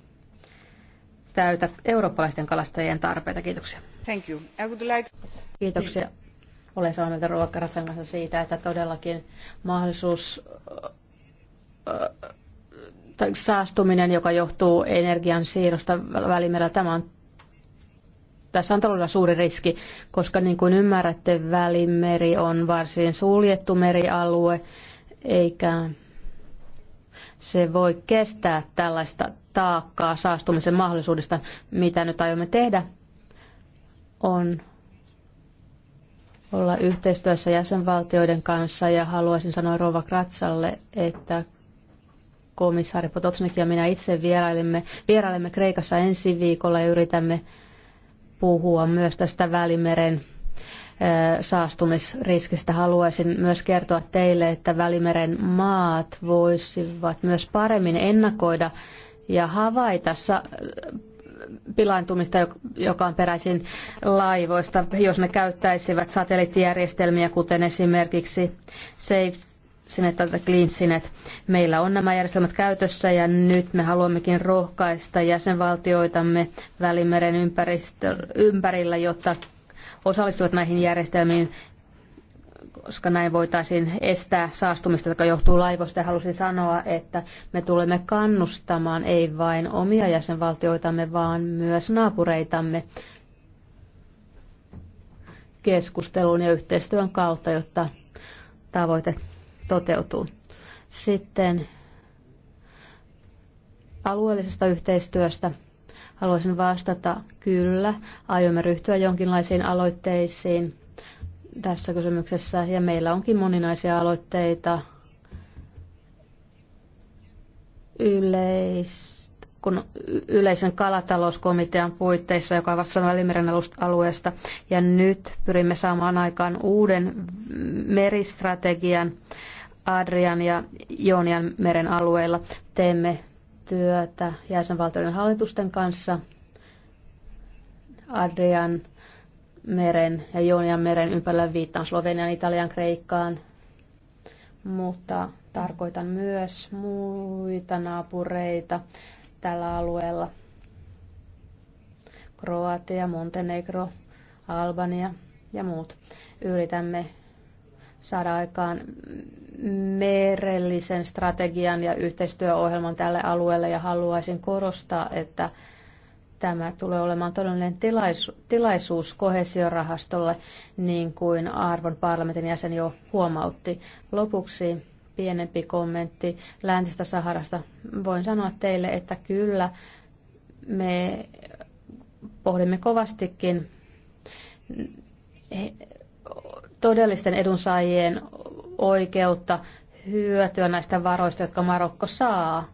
täytä eurooppalaisten kalastajien tarpeita. Kiitoksia. Thank you. I would like... Kiitoksia. Olen samaa mieltä Ruokaratsan kanssa siitä, että todellakin mahdollisuus saastuminen, joka johtuu energian siirrosta välimerellä, tämä on tässä on taloudella suuri riski, koska niin kuin ymmärrätte, välimeri on varsin suljettu merialue eikä se voi kestää tällaista taakkaa saastumisen mahdollisuudesta, mitä nyt aiomme tehdä, on olla yhteistyössä jäsenvaltioiden kanssa ja haluaisin sanoa Rova Kratsalle, että komissaari Potocnik ja minä itse vierailimme, vierailimme Kreikassa ensi viikolla ja yritämme puhua myös tästä Välimeren saastumisriskistä. Haluaisin myös kertoa teille, että Välimeren maat voisivat myös paremmin ennakoida ja havaita pilaantumista, joka on peräisin laivoista, jos ne käyttäisivät satelliittijärjestelmiä, kuten esimerkiksi Safe Sinet tai Clean Sinet. Meillä on nämä järjestelmät käytössä ja nyt me haluammekin rohkaista jäsenvaltioitamme Välimeren ympärillä, jotta osallistuvat näihin järjestelmiin, koska näin voitaisiin estää saastumista, joka johtuu laivoista. Ja halusin sanoa, että me tulemme kannustamaan ei vain omia jäsenvaltioitamme, vaan myös naapureitamme keskustelun ja yhteistyön kautta, jotta tavoite toteutuu. Sitten alueellisesta yhteistyöstä. Haluaisin vastata kyllä. Aiomme ryhtyä jonkinlaisiin aloitteisiin tässä kysymyksessä ja meillä onkin moninaisia aloitteita yleis, kun yleisen kalatalouskomitean puitteissa, joka vastaa Välimeren alueesta. Ja nyt pyrimme saamaan aikaan uuden meristrategian Adrian ja Joonian meren alueella. Teemme työtä jäsenvaltioiden hallitusten kanssa Adrian meren ja Joonian meren ympärillä viittaan Slovenian, Italian, Kreikkaan, mutta tarkoitan myös muita naapureita tällä alueella. Kroatia, Montenegro, Albania ja muut. Yritämme saada aikaan merellisen strategian ja yhteistyöohjelman tälle alueelle ja haluaisin korostaa, että tämä tulee olemaan todellinen tilaisu- tilaisuus kohesiorahastolle, niin kuin Arvon parlamentin jäsen jo huomautti. Lopuksi pienempi kommentti läntistä Saharasta. Voin sanoa teille, että kyllä me pohdimme kovastikin todellisten edunsaajien oikeutta hyötyä näistä varoista, jotka Marokko saa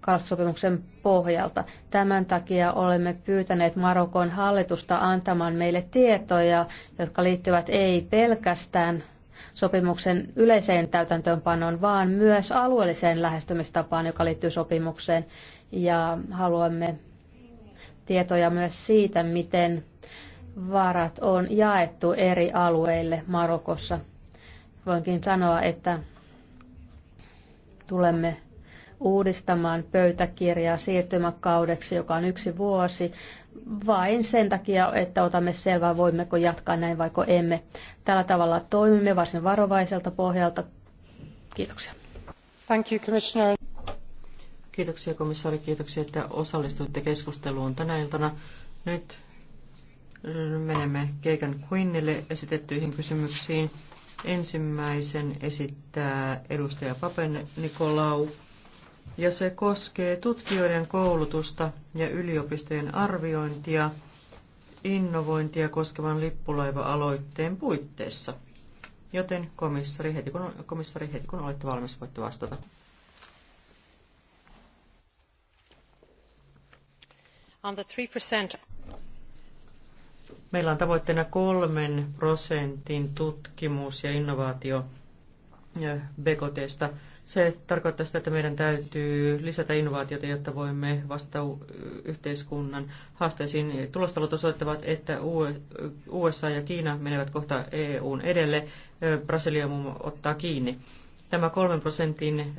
kalastussopimuksen pohjalta. Tämän takia olemme pyytäneet Marokon hallitusta antamaan meille tietoja, jotka liittyvät ei pelkästään sopimuksen yleiseen täytäntöönpanoon, vaan myös alueelliseen lähestymistapaan, joka liittyy sopimukseen. Ja haluamme tietoja myös siitä, miten varat on jaettu eri alueille Marokossa. Voinkin sanoa, että tulemme uudistamaan pöytäkirjaa siirtymäkaudeksi, joka on yksi vuosi, vain sen takia, että otamme selvää, voimmeko jatkaa näin vaiko emme. Tällä tavalla toimimme varsin varovaiselta pohjalta. Kiitoksia. Thank you, Commissioner. Kiitoksia komissaari, kiitoksia, että osallistuitte keskusteluun tänä iltana. Nyt menemme Keikan Quinnille esitettyihin kysymyksiin. Ensimmäisen esittää edustaja Papen Nikolau, ja se koskee tutkijoiden koulutusta ja yliopistojen arviointia innovointia koskevan lippulaiva-aloitteen puitteissa. Joten komissari heti, kun, komissari heti kun olette valmis, voitte vastata. On the 3%. Meillä on tavoitteena kolmen prosentin tutkimus- ja innovaatio BKTstä. Se tarkoittaa sitä, että meidän täytyy lisätä innovaatiota, jotta voimme vastata yhteiskunnan haasteisiin. Tulostalot osoittavat, että USA ja Kiina menevät kohta EUn edelle. Brasilia muun ottaa kiinni tämä kolmen prosentin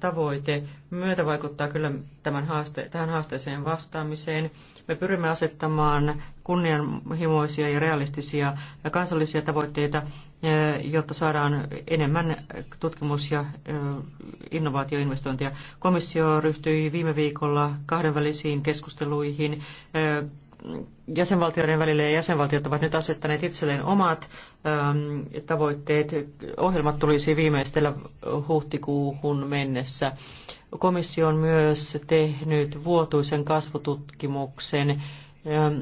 tavoite myötä vaikuttaa kyllä tämän haaste, tähän haasteeseen vastaamiseen. Me pyrimme asettamaan kunnianhimoisia ja realistisia kansallisia tavoitteita, jotta saadaan enemmän tutkimus- ja innovaatioinvestointeja. Komissio ryhtyi viime viikolla kahdenvälisiin keskusteluihin jäsenvaltioiden välillä ja jäsenvaltiot ovat nyt asettaneet itselleen omat ähm, tavoitteet. Ohjelmat tulisi viimeistellä huhtikuuhun mennessä. Komissio on myös tehnyt vuotuisen kasvututkimuksen. Ähm,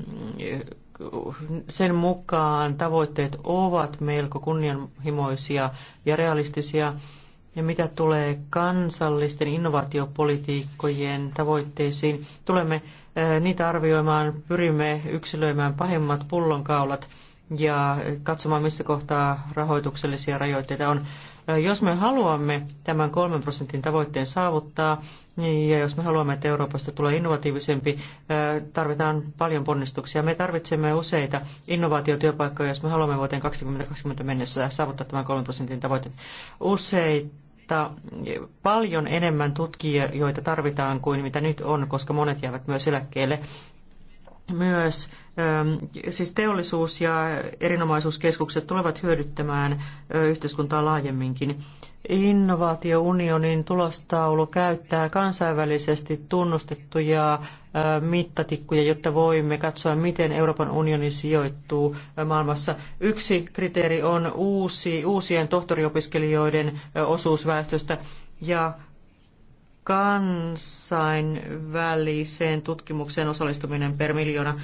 sen mukaan tavoitteet ovat melko kunnianhimoisia ja realistisia. Ja mitä tulee kansallisten innovaatiopolitiikkojen tavoitteisiin, tulemme niitä arvioimaan, pyrimme yksilöimään pahimmat pullonkaulat ja katsomaan, missä kohtaa rahoituksellisia rajoitteita on. Jos me haluamme tämän kolmen prosentin tavoitteen saavuttaa, niin, ja jos me haluamme, että Euroopasta tulee innovatiivisempi, tarvitaan paljon ponnistuksia. Me tarvitsemme useita innovaatiotyöpaikkoja, jos me haluamme vuoteen 2020 mennessä saavuttaa tämän kolmen prosentin tavoitteen. Useita mutta paljon enemmän tutkijoita tarvitaan kuin mitä nyt on, koska monet jäävät myös eläkkeelle myös ähm, siis teollisuus- ja erinomaisuuskeskukset tulevat hyödyttämään yhteiskuntaa laajemminkin. Innovaatiounionin tulostaulu käyttää kansainvälisesti tunnustettuja mittatikkuja, jotta voimme katsoa, miten Euroopan unioni sijoittuu maailmassa. Yksi kriteeri on uusi, uusien tohtoriopiskelijoiden osuus väestöstä ja kansainväliseen tutkimukseen osallistuminen per miljoona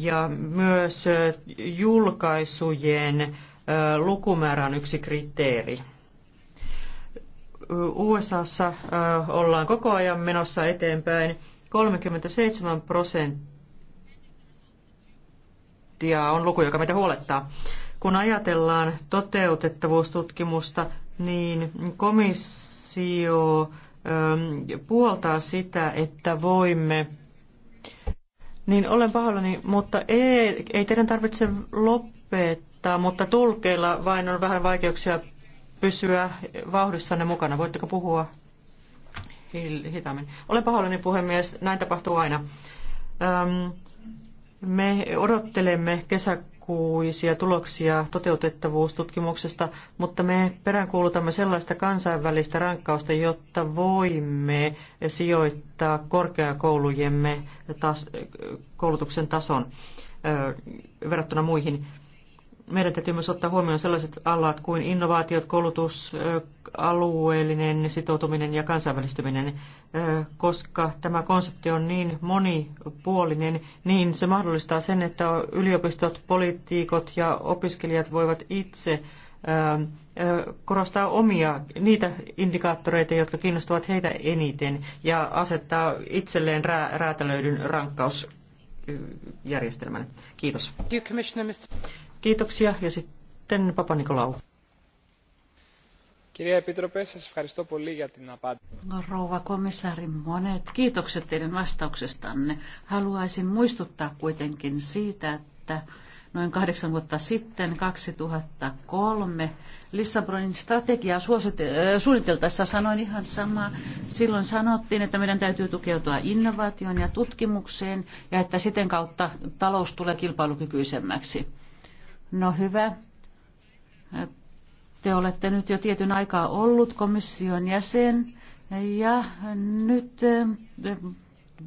ja myös julkaisujen lukumäärä on yksi kriteeri. USAssa ollaan koko ajan menossa eteenpäin. 37 prosenttia on luku, joka meitä huolettaa. Kun ajatellaan toteutettavuustutkimusta, niin komissio puoltaa sitä, että voimme niin olen pahoillani, mutta ei, ei teidän tarvitse lopettaa, mutta tulkeilla vain on vähän vaikeuksia pysyä vauhdissanne mukana. Voitteko puhua hitaammin? Olen pahoillani puhemies, näin tapahtuu aina. Öm, me odottelemme kesäkuun lukuisia tuloksia toteutettavuustutkimuksesta, mutta me peräänkuulutamme sellaista kansainvälistä rankkausta, jotta voimme sijoittaa korkeakoulujemme tas- koulutuksen tason verrattuna muihin meidän täytyy myös ottaa huomioon sellaiset alat kuin innovaatiot, koulutus, alueellinen sitoutuminen ja kansainvälistyminen. Koska tämä konsepti on niin monipuolinen, niin se mahdollistaa sen, että yliopistot, politiikot ja opiskelijat voivat itse korostaa omia, niitä indikaattoreita, jotka kiinnostavat heitä eniten ja asettaa itselleen räätälöidyn rankkausjärjestelmän. Kiitos. Kiitoksia ja sitten Papa Nikolau. Kirja Επίτροπε, σας ευχαριστώ πολύ για την απάντηση. Rouva komissaari, monet kiitokset teidän vastauksestanne. Haluaisin muistuttaa kuitenkin siitä, että noin kahdeksan vuotta sitten, 2003, Lissabonin strategiaa suosite- suunniteltaessa sanoin ihan samaa. Silloin sanottiin, että meidän täytyy tukeutua innovaatioon ja tutkimukseen ja että siten kautta talous tulee kilpailukykyisemmäksi. No hyvä. Te olette nyt jo tietyn aikaa ollut komission jäsen ja nyt eh,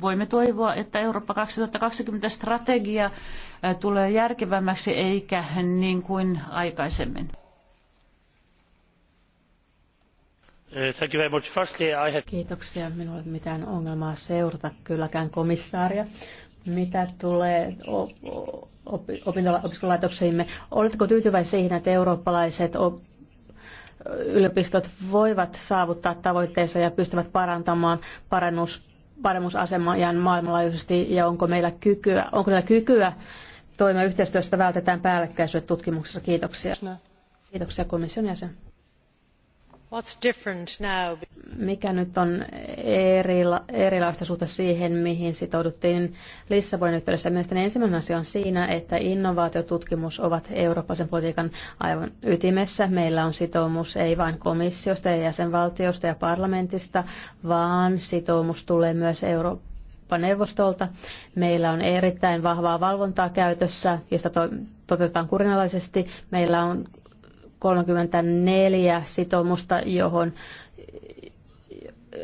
voimme toivoa, että Eurooppa 2020 strategia eh, tulee järkevämmäksi eikä niin kuin aikaisemmin. Eh, Kiitoksia. Minulla ei ole mitään ongelmaa seurata kylläkään komissaaria. Mitä tulee opiskelulaitoksiimme. Oletko tyytyväinen siihen, että eurooppalaiset yliopistot voivat saavuttaa tavoitteensa ja pystyvät parantamaan parannus, paremmuusasemaa maailmanlaajuisesti ja onko meillä kykyä, onko meillä kykyä toimia yhteistyöstä vältetään päällekkäisyydet tutkimuksessa. Kiitoksia. Kiitoksia komission jäsen. Mikä nyt on erila, erilaista suhta siihen, mihin sitouduttiin Lissabonin yhteydessä? Mielestäni ensimmäinen asia on siinä, että innovaatiotutkimus ovat eurooppalaisen politiikan aivan ytimessä. Meillä on sitoumus ei vain komissiosta ja jäsenvaltiosta ja parlamentista, vaan sitoumus tulee myös Euroopan neuvostolta Meillä on erittäin vahvaa valvontaa käytössä ja sitä to- toteutetaan kurinalaisesti. Meillä on 34 sitoumusta, johon,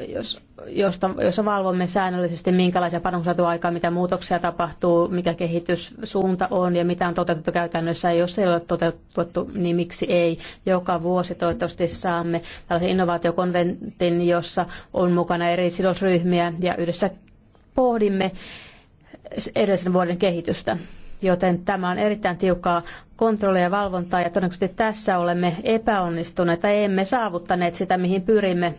jos, josta, jossa valvomme säännöllisesti, minkälaisia panoksia aikaa, mitä muutoksia tapahtuu, mikä kehityssuunta on ja mitä on toteutettu käytännössä. jos ei ole toteutettu, niin miksi ei? Joka vuosi toivottavasti saamme tällaisen innovaatiokonventin, jossa on mukana eri sidosryhmiä ja yhdessä pohdimme edellisen vuoden kehitystä joten tämä on erittäin tiukkaa kontrollia ja valvontaa ja todennäköisesti tässä olemme epäonnistuneet tai emme saavuttaneet sitä, mihin pyrimme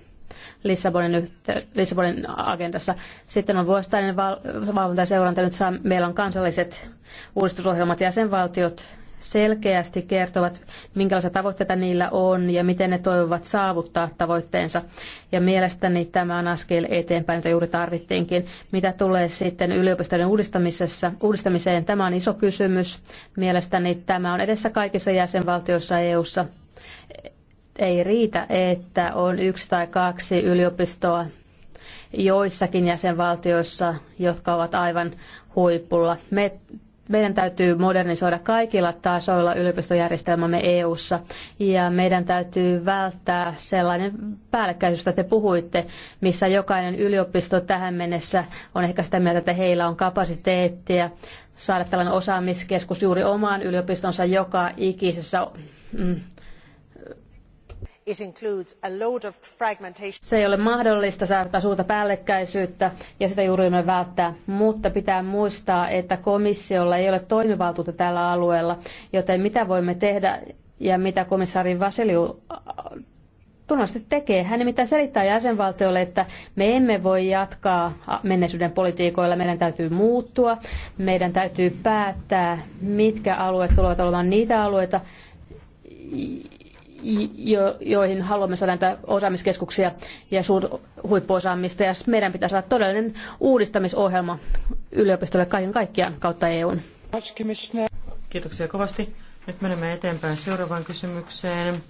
Lissabonin, Lissabonin agendassa. Sitten on vuosittainen val- valvonta ja seuranta. Nyt saa, meillä on kansalliset uudistusohjelmat jäsenvaltiot selkeästi kertovat, minkälaisia tavoitteita niillä on ja miten ne toivovat saavuttaa tavoitteensa. Ja mielestäni tämä on askel eteenpäin, jota juuri tarvittiinkin. Mitä tulee sitten yliopistojen uudistamisessa, uudistamiseen, tämä on iso kysymys. Mielestäni tämä on edessä kaikissa jäsenvaltioissa EU-ssa. Ei riitä, että on yksi tai kaksi yliopistoa joissakin jäsenvaltioissa, jotka ovat aivan huipulla. Me meidän täytyy modernisoida kaikilla tasoilla yliopistojärjestelmämme EU-ssa ja meidän täytyy välttää sellainen päällekkäisyys, josta te puhuitte, missä jokainen yliopisto tähän mennessä on ehkä sitä mieltä, että heillä on kapasiteettia saada tällainen osaamiskeskus juuri omaan yliopistonsa joka ikisessä mm, se ei ole mahdollista saattaa suurta päällekkäisyyttä ja sitä juuri me välttää, mutta pitää muistaa, että komissiolla ei ole toimivaltuutta tällä alueella, joten mitä voimme tehdä ja mitä komissaari Vasiliu äh, tunnollisesti tekee. Hän nimittäin selittää jäsenvaltioille, että me emme voi jatkaa menneisyyden politiikoilla, meidän täytyy muuttua, meidän täytyy päättää, mitkä alueet tulevat olemaan niitä alueita, jo, joihin haluamme saada näitä osaamiskeskuksia ja suur, huippuosaamista. Ja meidän pitää saada todellinen uudistamisohjelma yliopistolle kaiken kaikkiaan kautta EUn. Kiitoksia kovasti. Nyt menemme eteenpäin seuraavaan kysymykseen.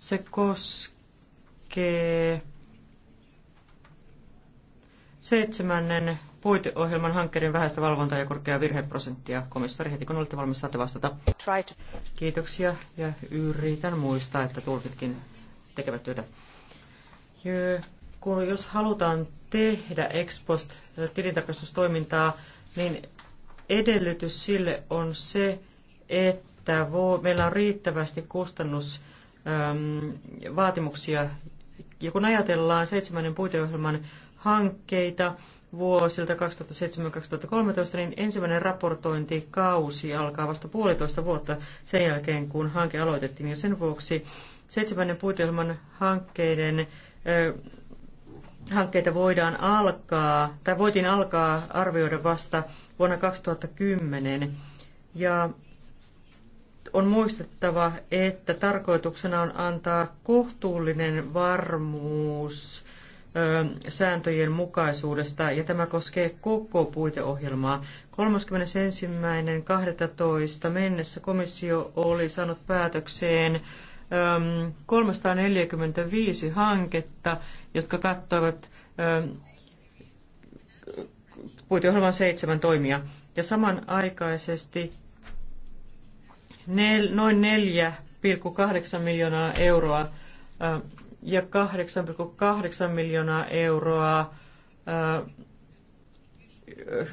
Se koskee seitsemännen ohjelman hankkeiden vähäistä valvontaa ja korkeaa virheprosenttia. Komissaari, heti kun olette valmis, saatte vastata. Kiitoksia ja yritän muistaa, että tulkitkin tekevät työtä. Kun jos halutaan tehdä expost tilintarkastustoimintaa, niin edellytys sille on se, että meillä on riittävästi kustannusvaatimuksia ja kun ajatellaan seitsemännen puiteohjelman hankkeita vuosilta 2007-2013, niin ensimmäinen raportointikausi alkaa vasta puolitoista vuotta sen jälkeen, kun hanke aloitettiin. Ja sen vuoksi seitsemännen puiteohjelman hankkeiden hankkeita voidaan alkaa, tai voitiin alkaa arvioida vasta vuonna 2010. Ja on muistettava, että tarkoituksena on antaa kohtuullinen varmuus sääntöjen mukaisuudesta, ja tämä koskee koko puiteohjelmaa. 31.12. mennessä komissio oli saanut päätökseen 345 hanketta, jotka kattoivat puiteohjelman seitsemän toimia. Ja samanaikaisesti nel, noin 4,8 miljoonaa euroa ja 8,8 miljoonaa euroa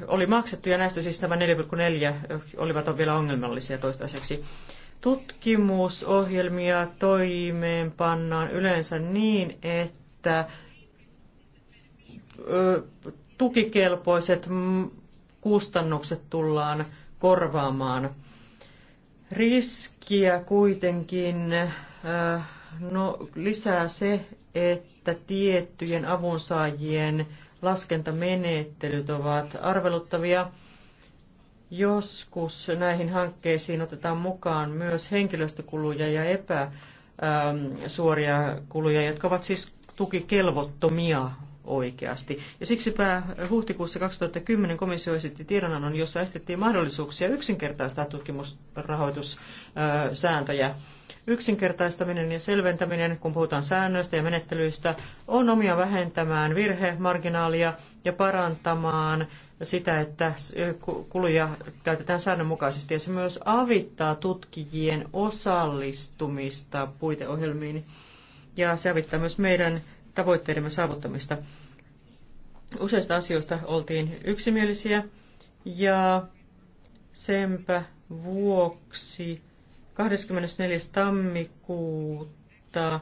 oli maksettu ja näistä siis tämä 4,4 olivat on vielä ongelmallisia toistaiseksi. Tutkimusohjelmia toimeenpannaan yleensä niin, että tukikelpoiset kustannukset tullaan korvaamaan – Riskiä kuitenkin äh, no, lisää se, että tiettyjen avunsaajien laskentamenettelyt ovat arveluttavia. Joskus näihin hankkeisiin otetaan mukaan myös henkilöstökuluja ja epäsuoria ähm, kuluja, jotka ovat siis tukikelvottomia oikeasti. Ja siksipä huhtikuussa 2010 komissio esitti tiedonannon, jossa estettiin mahdollisuuksia yksinkertaistaa tutkimusrahoitussääntöjä. Yksinkertaistaminen ja selventäminen, kun puhutaan säännöistä ja menettelyistä, on omia vähentämään virhemarginaalia ja parantamaan sitä, että kuluja käytetään säännönmukaisesti. Ja se myös avittaa tutkijien osallistumista puiteohjelmiin. Ja se avittaa myös meidän tavoitteidemme saavuttamista. Useista asioista oltiin yksimielisiä ja senpä vuoksi 24. tammikuuta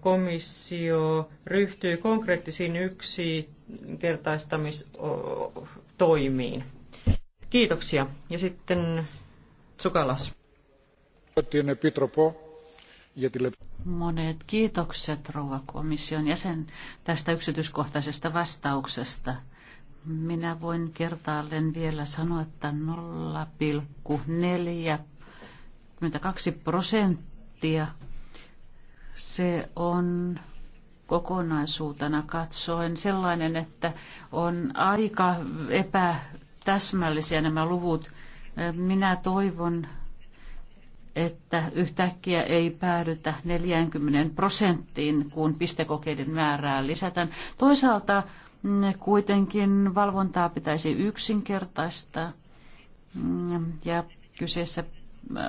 komissio ryhtyi konkreettisiin yksinkertaistamistoimiin. Kiitoksia. Ja sitten Tsukalas. Monet kiitokset, rouva komission jäsen, tästä yksityiskohtaisesta vastauksesta. Minä voin kertaalleen vielä sanoa, että 0,42 prosenttia se on kokonaisuutena katsoen sellainen, että on aika epätäsmällisiä nämä luvut. Minä toivon, että yhtäkkiä ei päädytä 40 prosenttiin, kun pistekokeiden määrää lisätään. Toisaalta mm, kuitenkin valvontaa pitäisi yksinkertaistaa mm, ja kyseessä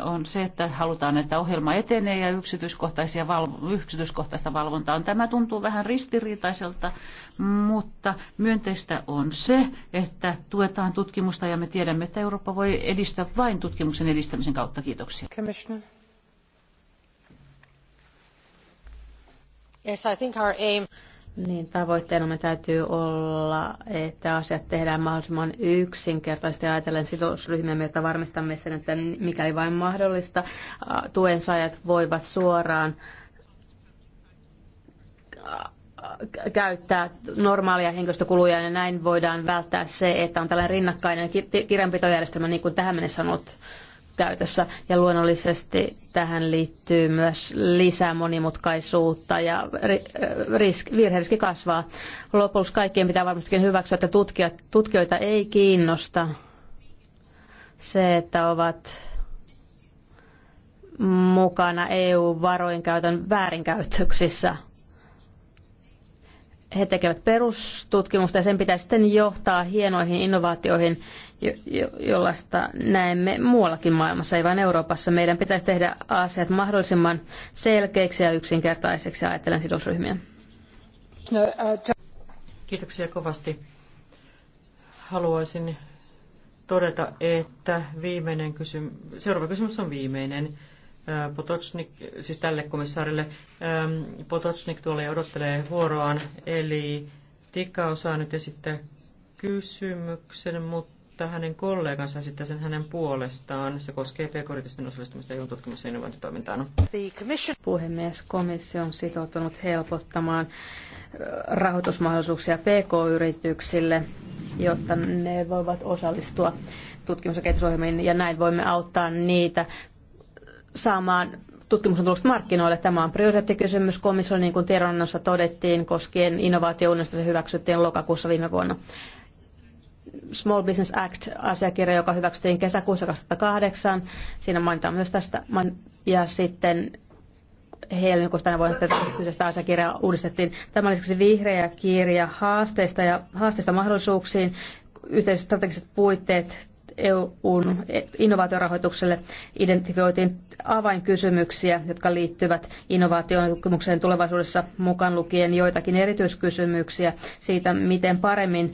on se, että halutaan, että ohjelma etenee ja yksityiskohtaisia valvo- yksityiskohtaista valvontaa Tämä tuntuu vähän ristiriitaiselta, mutta myönteistä on se, että tuetaan tutkimusta ja me tiedämme, että Eurooppa voi edistää vain tutkimuksen edistämisen kautta. Kiitoksia. Yes, I think our aim... Niin, tavoitteena täytyy olla, että asiat tehdään mahdollisimman yksinkertaisesti ajatellen sidosryhmiä, jotta varmistamme sen, että mikäli vain mahdollista, tuen saajat voivat suoraan käyttää normaalia henkilöstökuluja ja näin voidaan välttää se, että on tällainen rinnakkainen kirjanpitojärjestelmä, niin kuin tähän mennessä on ollut käytössä. Ja luonnollisesti tähän liittyy myös lisää monimutkaisuutta ja virheriski kasvaa. Lopuksi kaikkien pitää varmastikin hyväksyä, että tutkijat, tutkijoita ei kiinnosta se, että ovat mukana EU-varojen käytön väärinkäytöksissä he tekevät perustutkimusta ja sen pitäisi sitten johtaa hienoihin innovaatioihin, jollaista näemme muuallakin maailmassa, ei vain Euroopassa. Meidän pitäisi tehdä asiat mahdollisimman selkeiksi ja yksinkertaiseksi ajatellen sidosryhmiä. No, äh, Kiitoksia kovasti. Haluaisin todeta, että viimeinen kysymys, seuraava kysymys on viimeinen. Äh, Potocnik, siis tälle komissaarille. Ähm, Potocnik tuolla ja odottelee vuoroaan, eli Tikka osaa nyt esittää kysymyksen, mutta hänen kollegansa esittää sen hänen puolestaan. Se koskee pk osallistumista EUn tutkimus- ja innovointitoimintaan. Puhemies, komissio on sitoutunut helpottamaan äh, rahoitusmahdollisuuksia pk-yrityksille, jotta ne voivat osallistua tutkimus- ja kehitysohjelmiin, ja näin voimme auttaa niitä saamaan tutkimuksen tulokset markkinoille. Tämä on prioriteettikysymys komissiolle, niin kuin tiedonannossa todettiin, koskien innovaatiounnistusta se hyväksyttiin lokakuussa viime vuonna. Small Business Act-asiakirja, joka hyväksyttiin kesäkuussa 2008. Siinä mainitaan myös tästä. Ja sitten helmikuussa tänä vuonna kyseistä asiakirjaa uudistettiin. Tämä lisäksi vihreä kirja haasteista ja haasteista mahdollisuuksiin, yhteiset strategiset puitteet EUn innovaatiorahoitukselle identifioitiin avainkysymyksiä, jotka liittyvät innovaatiotutkimukseen tulevaisuudessa mukaan lukien joitakin erityiskysymyksiä siitä, miten paremmin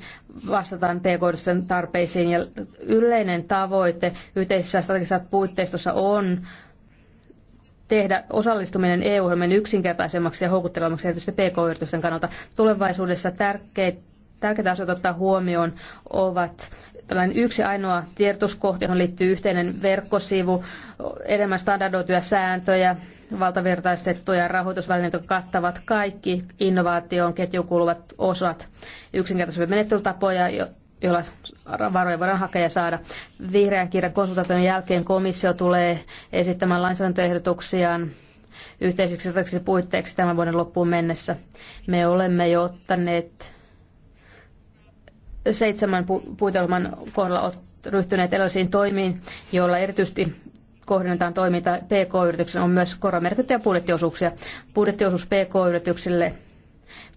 vastataan pk tarpeisiin. Ja yleinen tavoite yhteisessä strategisessa puitteistossa on tehdä osallistuminen EU-ohjelmien yksinkertaisemmaksi ja houkuttelevammaksi erityisesti PK-yritysten kannalta. Tulevaisuudessa tärkeitä tärkeitä asioita ottaa huomioon ovat tällainen yksi ainoa tiedotuskohti, johon liittyy yhteinen verkkosivu, enemmän standardoituja sääntöjä, valtavirtaistettuja rahoitusvälineitä, jotka kattavat kaikki innovaation ketjuun kuuluvat osat, yksinkertaisia menettelytapoja, joilla varoja voidaan hakea ja saada. Vihreän kirjan konsultaation jälkeen komissio tulee esittämään lainsäädäntöehdotuksiaan yhteisiksi puitteiksi tämän vuoden loppuun mennessä. Me olemme jo ottaneet seitsemän pu- puitelman kohdalla ryhtyneet erilaisiin toimiin, joilla erityisesti kohdennetaan toiminta PK-yrityksille, on myös koromerkittyjä budjettiosuuksia. Budjettiosuus PK-yrityksille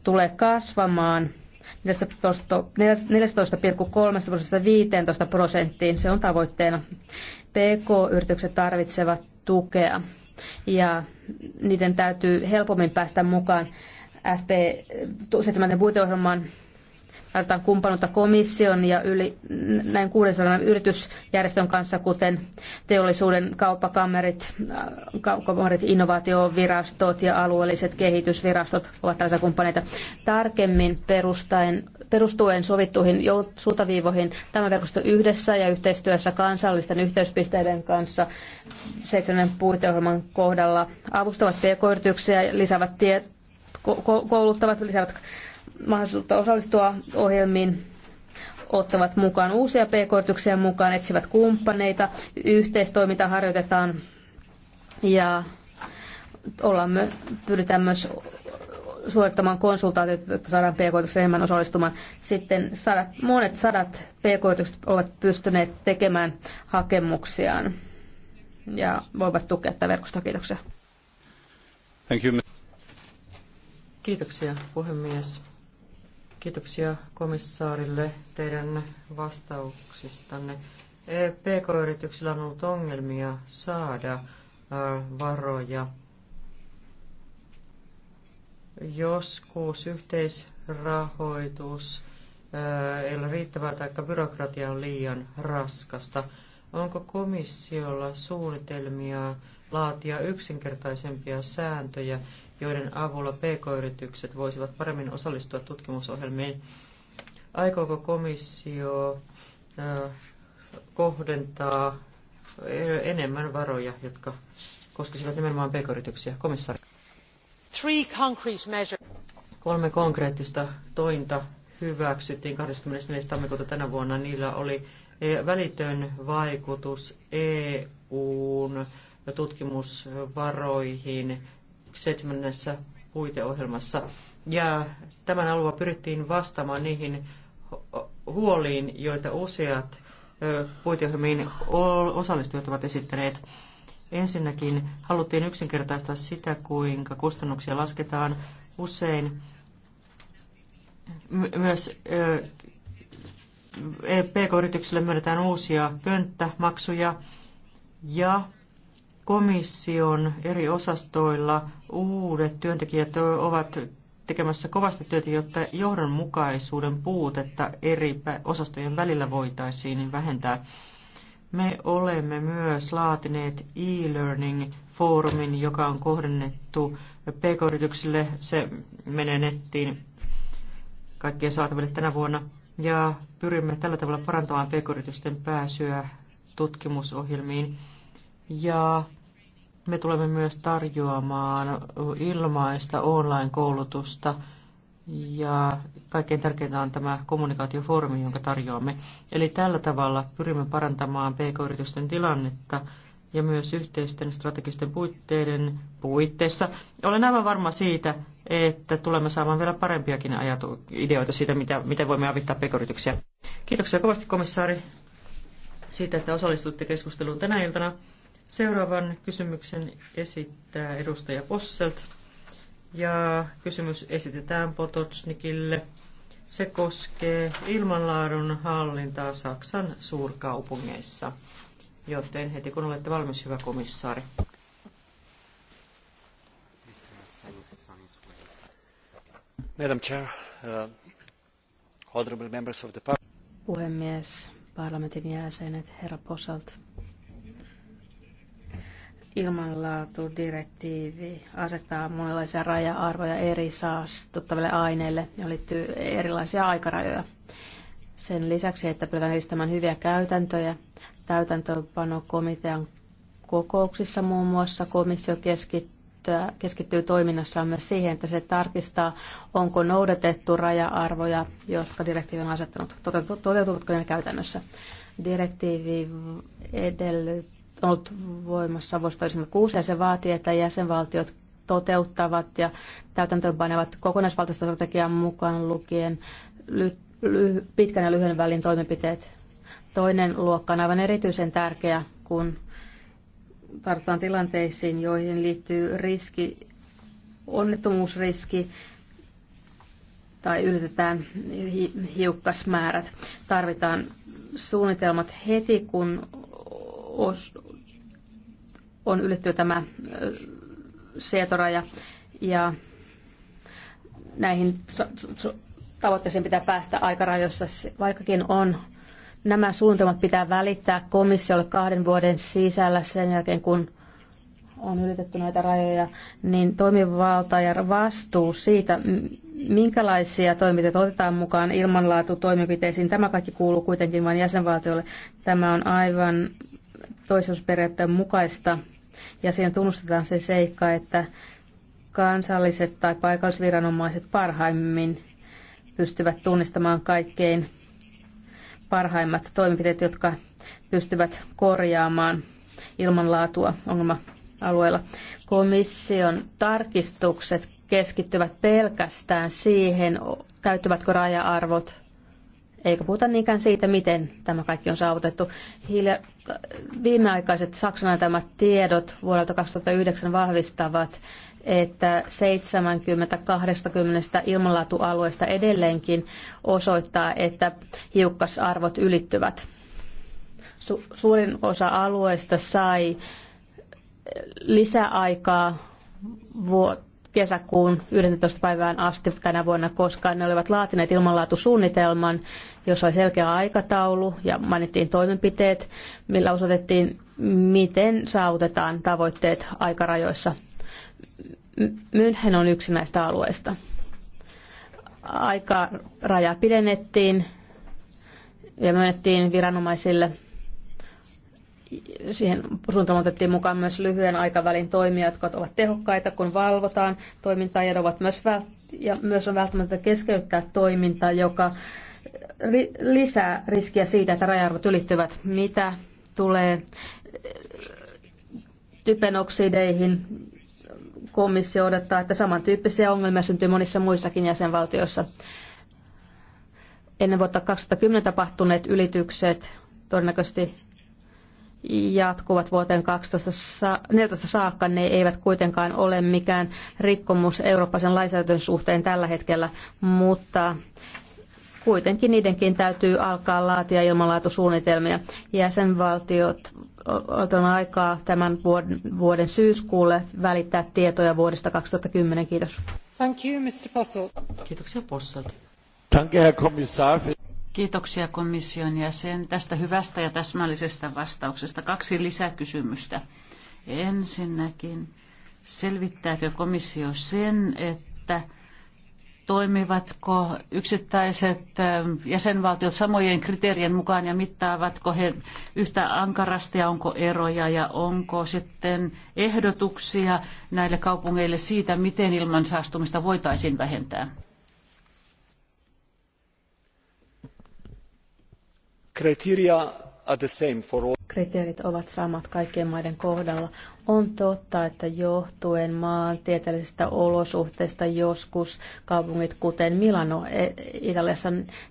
tulee kasvamaan 14,3 prosentista 15 prosenttiin. Se on tavoitteena. PK-yritykset tarvitsevat tukea ja niiden täytyy helpommin päästä mukaan FP7 puiteohjelmaan tarvitaan kumppanuutta komission ja yli näin 600 yritysjärjestön kanssa, kuten teollisuuden kauppakamerit, äh, kauppakamerit innovaatiovirastot ja alueelliset kehitysvirastot ovat tällaisia kumppaneita. Tarkemmin perustaen, perustuen sovittuihin suuntaviivoihin tämä verkosto yhdessä ja yhteistyössä kansallisten yhteyspisteiden kanssa seitsemän puiteohjelman kohdalla avustavat pk-yrityksiä, lisäävät tie, kouluttavat, lisäävät mahdollisuutta osallistua ohjelmiin ottavat mukaan uusia pk-yrityksiä mukaan, etsivät kumppaneita, yhteistoiminta harjoitetaan ja ollaan my- pyritään myös suorittamaan konsultaatiot, jotta saadaan pk enemmän osallistumaan. Sitten sadat, monet sadat pk ovat pystyneet tekemään hakemuksiaan ja voivat tukea tätä verkostoa. Kiitoksia. Thank you. Kiitoksia puhemies. Kiitoksia komissaarille teidän vastauksistanne. E PK-yrityksillä on ollut ongelmia saada varoja. Joskus yhteisrahoitus ei ole riittävää tai byrokratia on liian raskasta. Onko komissiolla suunnitelmia laatia yksinkertaisempia sääntöjä joiden avulla pk-yritykset voisivat paremmin osallistua tutkimusohjelmiin. Aikooko komissio kohdentaa enemmän varoja, jotka koskisivat nimenomaan pk-yrityksiä? Komissaari. Three concrete measures. Kolme konkreettista tointa hyväksyttiin 24. tammikuuta tänä vuonna. Niillä oli e, välitön vaikutus EUn tutkimusvaroihin seitsemännessä puiteohjelmassa. Ja tämän alulla pyrittiin vastaamaan niihin huoliin, joita useat puiteohjelmiin osallistujat ovat esittäneet. Ensinnäkin haluttiin yksinkertaistaa sitä, kuinka kustannuksia lasketaan usein. myös e-, PK-yrityksille myönnetään uusia könttämaksuja ja komission eri osastoilla uudet työntekijät ovat tekemässä kovasti työtä, jotta johdonmukaisuuden puutetta eri osastojen välillä voitaisiin vähentää. Me olemme myös laatineet e-learning-foorumin, joka on kohdennettu pk-yrityksille. Se menee nettiin kaikkien saataville tänä vuonna. Ja pyrimme tällä tavalla parantamaan pk-yritysten pääsyä tutkimusohjelmiin. Ja me tulemme myös tarjoamaan ilmaista online-koulutusta ja kaikkein tärkeintä on tämä kommunikaatiofoorumi, jonka tarjoamme. Eli tällä tavalla pyrimme parantamaan pk-yritysten tilannetta ja myös yhteisten strategisten puitteiden puitteissa. Olen aivan varma siitä, että tulemme saamaan vielä parempiakin ajatu- ideoita siitä, mitä, miten voimme avittaa pk-yrityksiä. Kiitoksia kovasti komissaari siitä, että osallistutte keskusteluun tänä iltana. Seuraavan kysymyksen esittää edustaja Posselt ja kysymys esitetään Potocnikille. Se koskee ilmanlaadun hallintaa Saksan suurkaupungeissa. Joten heti kun olette valmis, hyvä komissaari. Madam Chair, uh, honorable members of the Puhemies, parlamentin jäsenet, herra Posselt. Ilmanlaatudirektiivi asettaa monenlaisia raja-arvoja eri saastuttaville aineille ja liittyy erilaisia aikarajoja. Sen lisäksi, että pyritään edistämään hyviä käytäntöjä, täytäntöönpanokomitean kokouksissa muun muassa komissio keskittyy, keskittyy toiminnassaan myös siihen, että se tarkistaa, onko noudatettu raja-arvoja, jotka direktiivi on asettanut, toteutuvatko ne käytännössä. Direktiivi edellyttää ollut voimassa vuosi 2006 ja se vaatii, että jäsenvaltiot toteuttavat ja täytäntöönpanevat kokonaisvaltaista strategiaa mukaan lukien ly- ly- pitkän ja lyhyen välin toimenpiteet. Toinen luokka on aivan erityisen tärkeä, kun tartutaan tilanteisiin, joihin liittyy riski, onnettomuusriski tai hi- hiukkasmäärät. Tarvitaan suunnitelmat heti, kun os- on ylitty tämä seetoraja. ja näihin tavoitteisiin pitää päästä aikarajoissa, vaikkakin on nämä suunnitelmat pitää välittää komissiolle kahden vuoden sisällä sen jälkeen, kun on ylitetty näitä rajoja, niin toimivalta ja vastuu siitä, minkälaisia toimintoja otetaan mukaan ilmanlaatutoimenpiteisiin, tämä kaikki kuuluu kuitenkin vain jäsenvaltiolle. Tämä on aivan toisuusperiaatteen mukaista ja siinä tunnustetaan se seikka, että kansalliset tai paikallisviranomaiset parhaimmin pystyvät tunnistamaan kaikkein parhaimmat toimenpiteet, jotka pystyvät korjaamaan ilmanlaatua ongelma-alueella. Komission tarkistukset keskittyvät pelkästään siihen, täyttyvätkö raja-arvot eikä puhuta niinkään siitä, miten tämä kaikki on saavutettu. Hiile- viimeaikaiset Saksan antamat tiedot vuodelta 2009 vahvistavat, että 70-80 ilmanlaatualueesta edelleenkin osoittaa, että hiukkasarvot ylittyvät. Su- suurin osa alueista sai lisäaikaa vuotta kesäkuun 11. päivään asti tänä vuonna, koska ne olivat laatineet ilmanlaatusuunnitelman, jossa oli selkeä aikataulu ja mainittiin toimenpiteet, millä osoitettiin, miten saavutetaan tavoitteet aikarajoissa. München on yksi näistä alueista. Aikaraja pidennettiin ja myönnettiin viranomaisille – siihen suuntaan otettiin mukaan myös lyhyen aikavälin toimia, jotka ovat tehokkaita, kun valvotaan toimintaa ja, ovat myös vält- ja myös on välttämättä keskeyttää toimintaa, joka ri- lisää riskiä siitä, että raja-arvot ylittyvät. Mitä tulee typenoksideihin, komissio odottaa, että samantyyppisiä ongelmia syntyy monissa muissakin jäsenvaltioissa. Ennen vuotta 2010 tapahtuneet ylitykset todennäköisesti jatkuvat vuoteen 2014 saakka, ne eivät kuitenkaan ole mikään rikkomus Euroopan lainsäädännön suhteen tällä hetkellä, mutta kuitenkin niidenkin täytyy alkaa laatia ilmanlaatusuunnitelmia. Jäsenvaltiot on aikaa tämän vuoden, vuoden syyskuulle välittää tietoja vuodesta 2010. Kiitos. Thank you, Mr. Kiitoksia Posselt. Danke, Herr Kommissar. Kiitoksia komission jäsen tästä hyvästä ja täsmällisestä vastauksesta. Kaksi lisäkysymystä. Ensinnäkin, selvittääkö komissio sen, että toimivatko yksittäiset jäsenvaltiot samojen kriteerien mukaan ja mittaavatko he yhtä ankarasti ja onko eroja ja onko sitten ehdotuksia näille kaupungeille siitä, miten ilmansaastumista voitaisiin vähentää? Kriteerit ovat samat kaikkien maiden kohdalla. On totta, että johtuen maantieteellisistä olosuhteista joskus kaupungit, kuten Milano e, Italiassa,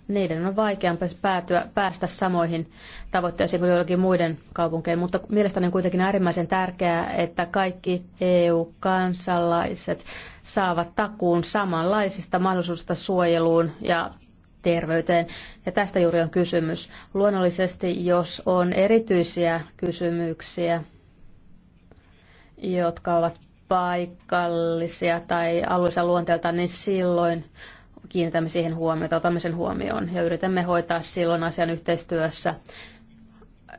niiden on vaikeampi päätyä, päästä samoihin tavoitteisiin kuin joillakin muiden kaupunkeihin. Mutta mielestäni on kuitenkin äärimmäisen tärkeää, että kaikki EU-kansalaiset saavat takuun samanlaisista mahdollisuuksista suojeluun ja terveyteen. Ja tästä juuri on kysymys. Luonnollisesti, jos on erityisiä kysymyksiä, jotka ovat paikallisia tai alueellisia luonteelta, niin silloin kiinnitämme siihen huomiota, otamme sen huomioon ja yritämme hoitaa silloin asian yhteistyössä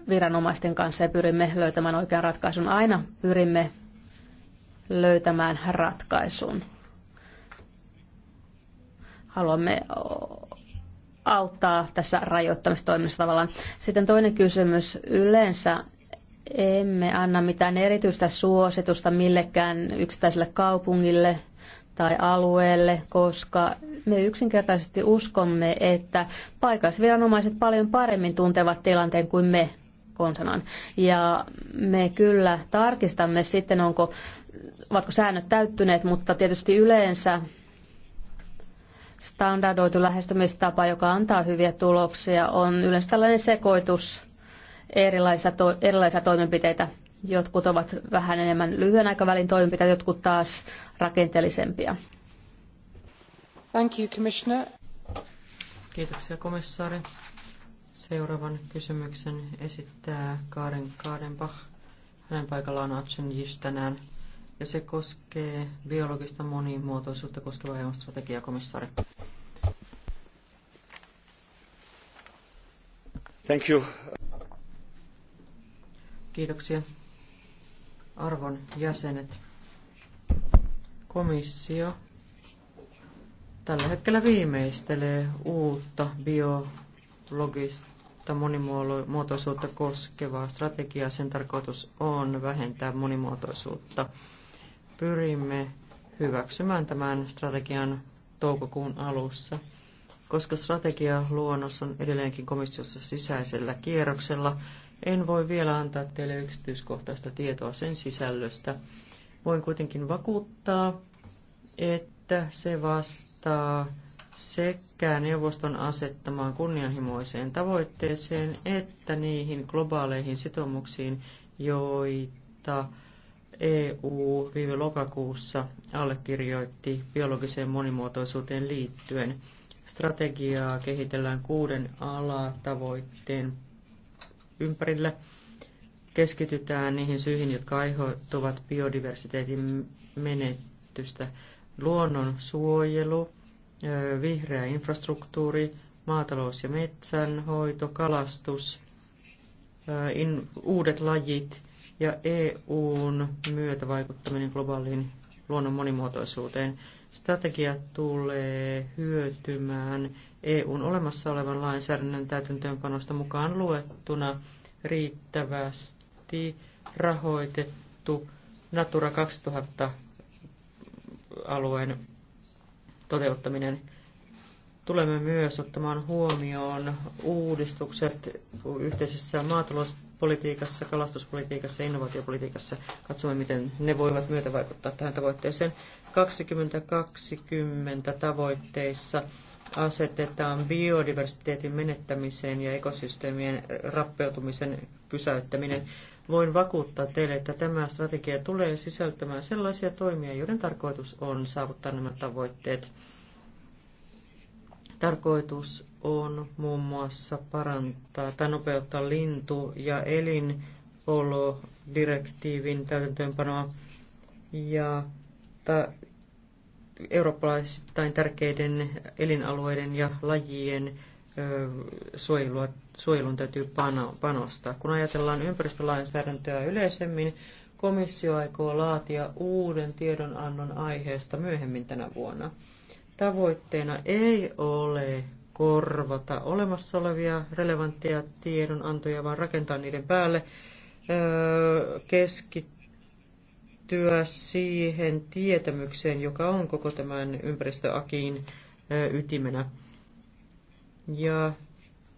viranomaisten kanssa ja pyrimme löytämään oikean ratkaisun. Aina pyrimme löytämään ratkaisun. Haluamme auttaa tässä rajoittamistoiminnassa tavallaan. Sitten toinen kysymys. Yleensä emme anna mitään erityistä suositusta millekään yksittäiselle kaupungille tai alueelle, koska me yksinkertaisesti uskomme, että paikallisviranomaiset paljon paremmin tuntevat tilanteen kuin me konsanaan. Ja me kyllä tarkistamme sitten, onko, ovatko säännöt täyttyneet, mutta tietysti yleensä standardoitu lähestymistapa, joka antaa hyviä tuloksia, on yleensä tällainen sekoitus erilaisia, to- erilaisia toimenpiteitä. Jotkut ovat vähän enemmän lyhyen aikavälin toimenpiteitä, jotkut taas rakenteellisempia. Thank you, Commissioner. Kiitoksia komissaari. Seuraavan kysymyksen esittää Karen Kaadenbach. Hänen paikallaan on Atsen tänään ja se koskee biologista monimuotoisuutta koskeva EUn strategiakomissaari. Thank you. Kiitoksia. Arvon jäsenet. Komissio tällä hetkellä viimeistelee uutta biologista monimuotoisuutta koskevaa strategiaa. Sen tarkoitus on vähentää monimuotoisuutta pyrimme hyväksymään tämän strategian toukokuun alussa. Koska luonnos on edelleenkin komissiossa sisäisellä kierroksella, en voi vielä antaa teille yksityiskohtaista tietoa sen sisällöstä. Voin kuitenkin vakuuttaa, että se vastaa sekä neuvoston asettamaan kunnianhimoiseen tavoitteeseen että niihin globaaleihin sitoumuksiin, joita EU viime lokakuussa allekirjoitti biologiseen monimuotoisuuteen liittyen. Strategiaa kehitellään kuuden alatavoitteen ympärillä. Keskitytään niihin syihin, jotka aiheuttavat biodiversiteetin menetystä. Luonnon suojelu, vihreä infrastruktuuri, maatalous- ja metsänhoito, kalastus, in, uudet lajit – ja EUn myötävaikuttaminen globaaliin luonnon monimuotoisuuteen. Strategia tulee hyötymään EUn olemassa olevan lainsäädännön täytäntöönpanosta mukaan luettuna riittävästi rahoitettu Natura 2000-alueen toteuttaminen. Tulemme myös ottamaan huomioon uudistukset yhteisessä maatalous- politiikassa, kalastuspolitiikassa ja innovaatiopolitiikassa. Katsomme, miten ne voivat myötä vaikuttaa tähän tavoitteeseen. 2020 tavoitteissa asetetaan biodiversiteetin menettämiseen ja ekosysteemien rappeutumisen pysäyttäminen. Voin vakuuttaa teille, että tämä strategia tulee sisältämään sellaisia toimia, joiden tarkoitus on saavuttaa nämä tavoitteet. Tarkoitus on muun muassa parantaa tai nopeuttaa lintu- ja elinolodirektiivin täytäntöönpanoa ja ta- eurooppalaisittain tärkeiden elinalueiden ja lajien ö, suojelua, suojelun täytyy panostaa. Kun ajatellaan ympäristölainsäädäntöä yleisemmin, komissio aikoo laatia uuden tiedonannon aiheesta myöhemmin tänä vuonna. Tavoitteena ei ole korvata olemassa olevia relevantteja tiedonantoja, vaan rakentaa niiden päälle, öö, keskittyä siihen tietämykseen, joka on koko tämän ympäristöakiin öö, ytimenä. Ja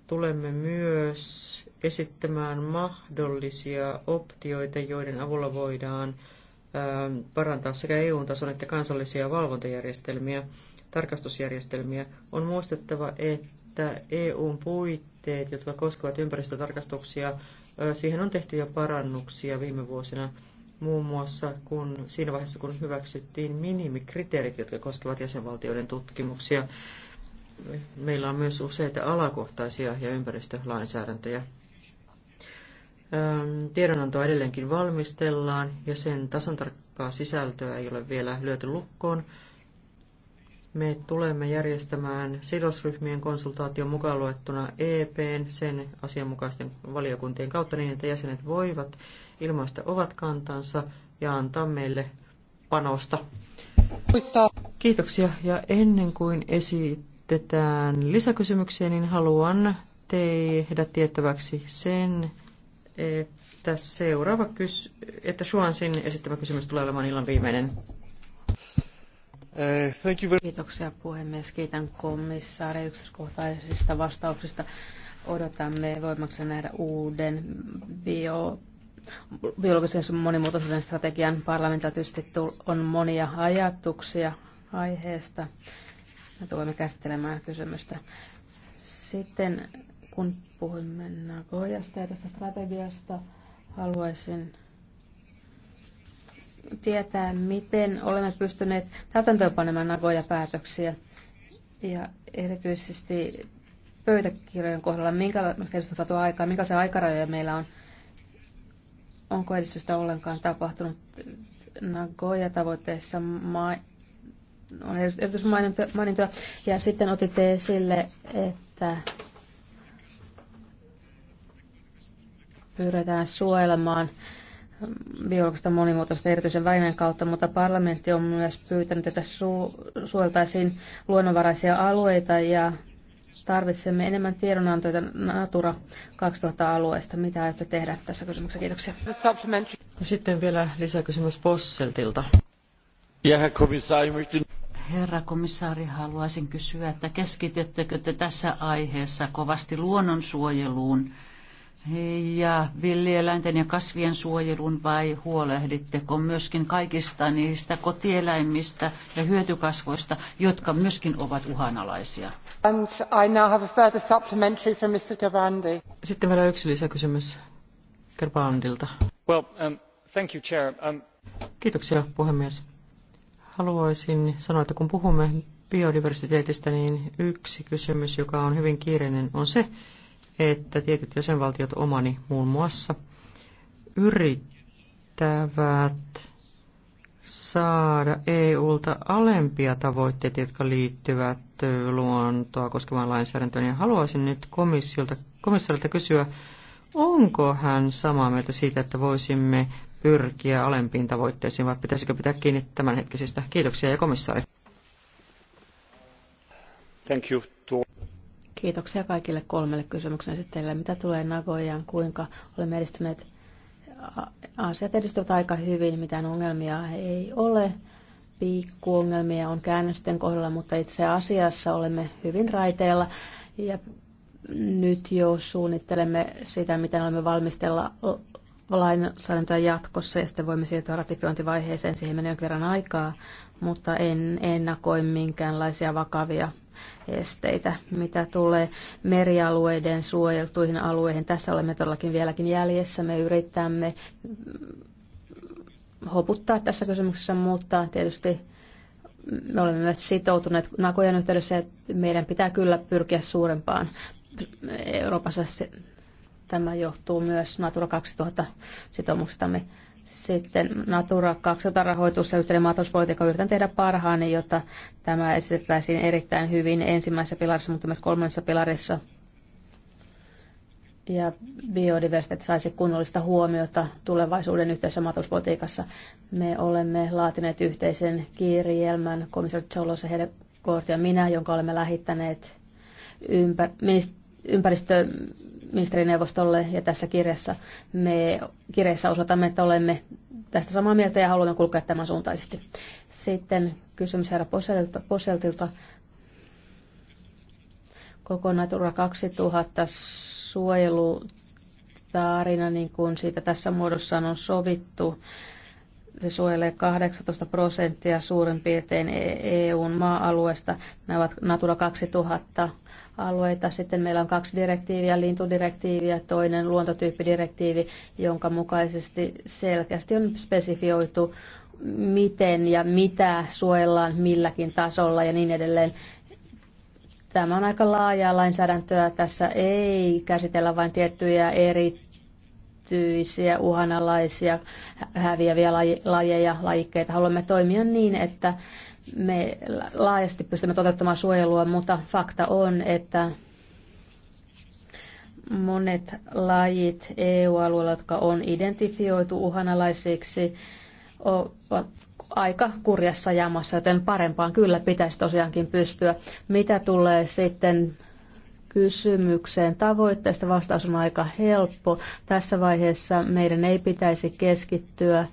tulemme myös esittämään mahdollisia optioita, joiden avulla voidaan öö, parantaa sekä EU-tason että kansallisia valvontajärjestelmiä tarkastusjärjestelmiä. On muistettava, että EUn puitteet, jotka koskevat ympäristötarkastuksia, siihen on tehty jo parannuksia viime vuosina. Muun muassa kun, siinä vaiheessa, kun hyväksyttiin minimikriteerit, jotka koskevat jäsenvaltioiden tutkimuksia, meillä on myös useita alakohtaisia ja ympäristölainsäädäntöjä. Tiedonantoa edelleenkin valmistellaan ja sen tasan tarkkaa sisältöä ei ole vielä lyöty lukkoon. Me tulemme järjestämään sidosryhmien konsultaation mukaan luettuna EPn sen asianmukaisten valiokuntien kautta niin, että jäsenet voivat ilmaista ovat kantansa ja antaa meille panosta. Kiitoksia ja ennen kuin esitetään lisäkysymyksiä, niin haluan tehdä tiettäväksi sen, että seuraava kys- että Suansin esittämä kysymys tulee olemaan illan viimeinen. Eh, Kiitoksia puhemies. Kiitän komissaari yksityiskohtaisista vastauksista. Odotamme voimaksi nähdä uuden bio biologisen monimuotoisuuden strategian parlamentilla tietysti on monia ajatuksia aiheesta. Me tulemme käsittelemään kysymystä. Sitten kun puhumme Nagojasta ja tästä strategiasta, haluaisin tietää, miten olemme pystyneet täytäntöönpanemaan nagoja päätöksiä ja erityisesti pöytäkirjojen kohdalla, minkälaista edistystä on saatu aikaa, minkälaisia aikarajoja meillä on, onko edistystä ollenkaan tapahtunut nagoja tavoitteessa on erityismainintoja. Ja sitten otitte esille, että pyydetään suojelemaan biologista monimuotoista erityisen välineen kautta, mutta parlamentti on myös pyytänyt, että su- suojeltaisiin luonnonvaraisia alueita ja tarvitsemme enemmän tiedonantoja Natura 2000-alueesta. Mitä aiotte tehdä tässä kysymyksessä? Kiitoksia. Sitten vielä lisäkysymys Posseltilta. herra komissaari, haluaisin kysyä, että keskityttekö te tässä aiheessa kovasti luonnonsuojeluun ja villieläinten ja kasvien suojelun vai huolehditteko myöskin kaikista niistä kotieläimistä ja hyötykasvoista, jotka myöskin ovat uhanalaisia? And I now have a further supplementary from Mr. Sitten vielä yksi lisäkysymys Gerbandilta. Well, um, thank you, Chair. Um... Kiitoksia, puhemies. Haluaisin sanoa, että kun puhumme biodiversiteetistä, niin yksi kysymys, joka on hyvin kiireinen, on se, että tietyt jäsenvaltiot omani muun muassa yrittävät saada EUlta alempia tavoitteita, jotka liittyvät luontoa koskevaan lainsäädäntöön. Ja haluaisin nyt komissiolta, komissiolta kysyä, onko hän samaa mieltä siitä, että voisimme pyrkiä alempiin tavoitteisiin, vai pitäisikö pitää kiinni tämänhetkisistä? Kiitoksia ja komissaari. Thank you. Kiitoksia kaikille kolmelle kysymykseen. teille. Mitä tulee Nagojaan, kuinka olemme edistyneet? Asiat edistyvät aika hyvin, mitään ongelmia ei ole. Piikkuongelmia on käännösten kohdalla, mutta itse asiassa olemme hyvin raiteilla. Ja nyt jo suunnittelemme sitä, miten olemme valmistella lainsäädäntöä jatkossa ja sitten voimme siirtyä ratifiointivaiheeseen. Siihen menee jonkin verran aikaa, mutta en ennakoi minkäänlaisia vakavia esteitä, mitä tulee merialueiden suojeltuihin alueihin. Tässä olemme todellakin vieläkin jäljessä. Me yritämme hoputtaa tässä kysymyksessä, mutta tietysti me olemme myös sitoutuneet Nakojan yhteydessä, että meidän pitää kyllä pyrkiä suurempaan Euroopassa. tämä johtuu myös Natura 2000 sitoumuksistamme sitten Natura 200 rahoitus ja yhteinen maatalouspolitiikka yritän tehdä parhaani, jotta tämä esitettäisiin erittäin hyvin ensimmäisessä pilarissa, mutta myös kolmannessa pilarissa. Ja biodiversiteetti saisi kunnollista huomiota tulevaisuuden yhteisessä maatalouspolitiikassa. Me olemme laatineet yhteisen kirjelmän komissio Cholos, Hedegaard ja minä, jonka olemme lähittäneet ympär- ympäristöministerineuvostolle ja tässä kirjassa me kirjassa osoitamme, että olemme tästä samaa mieltä ja haluamme kulkea tämän suuntaisesti. Sitten kysymys herra Poseltilta. Poseltilta. Koko Natura 2000 tarina, niin kuin siitä tässä muodossa on sovittu, se suojelee 18 prosenttia suurin piirtein e- EUn maa-alueesta. Nämä ovat Natura 2000 alueita. Sitten meillä on kaksi direktiiviä, lintudirektiivi ja toinen luontotyyppidirektiivi, jonka mukaisesti selkeästi on spesifioitu, miten ja mitä suojellaan milläkin tasolla ja niin edelleen. Tämä on aika laajaa lainsäädäntöä. Tässä ei käsitellä vain tiettyjä eri erityisiä uhanalaisia häviäviä lajeja, lajikkeita. Haluamme toimia niin, että me laajasti pystymme toteuttamaan suojelua, mutta fakta on, että monet lajit EU-alueella, jotka on identifioitu uhanalaisiksi, ovat aika kurjassa jamassa, joten parempaan kyllä pitäisi tosiaankin pystyä. Mitä tulee sitten kysymykseen tavoitteesta vastaus on aika helppo. Tässä vaiheessa meidän ei pitäisi keskittyä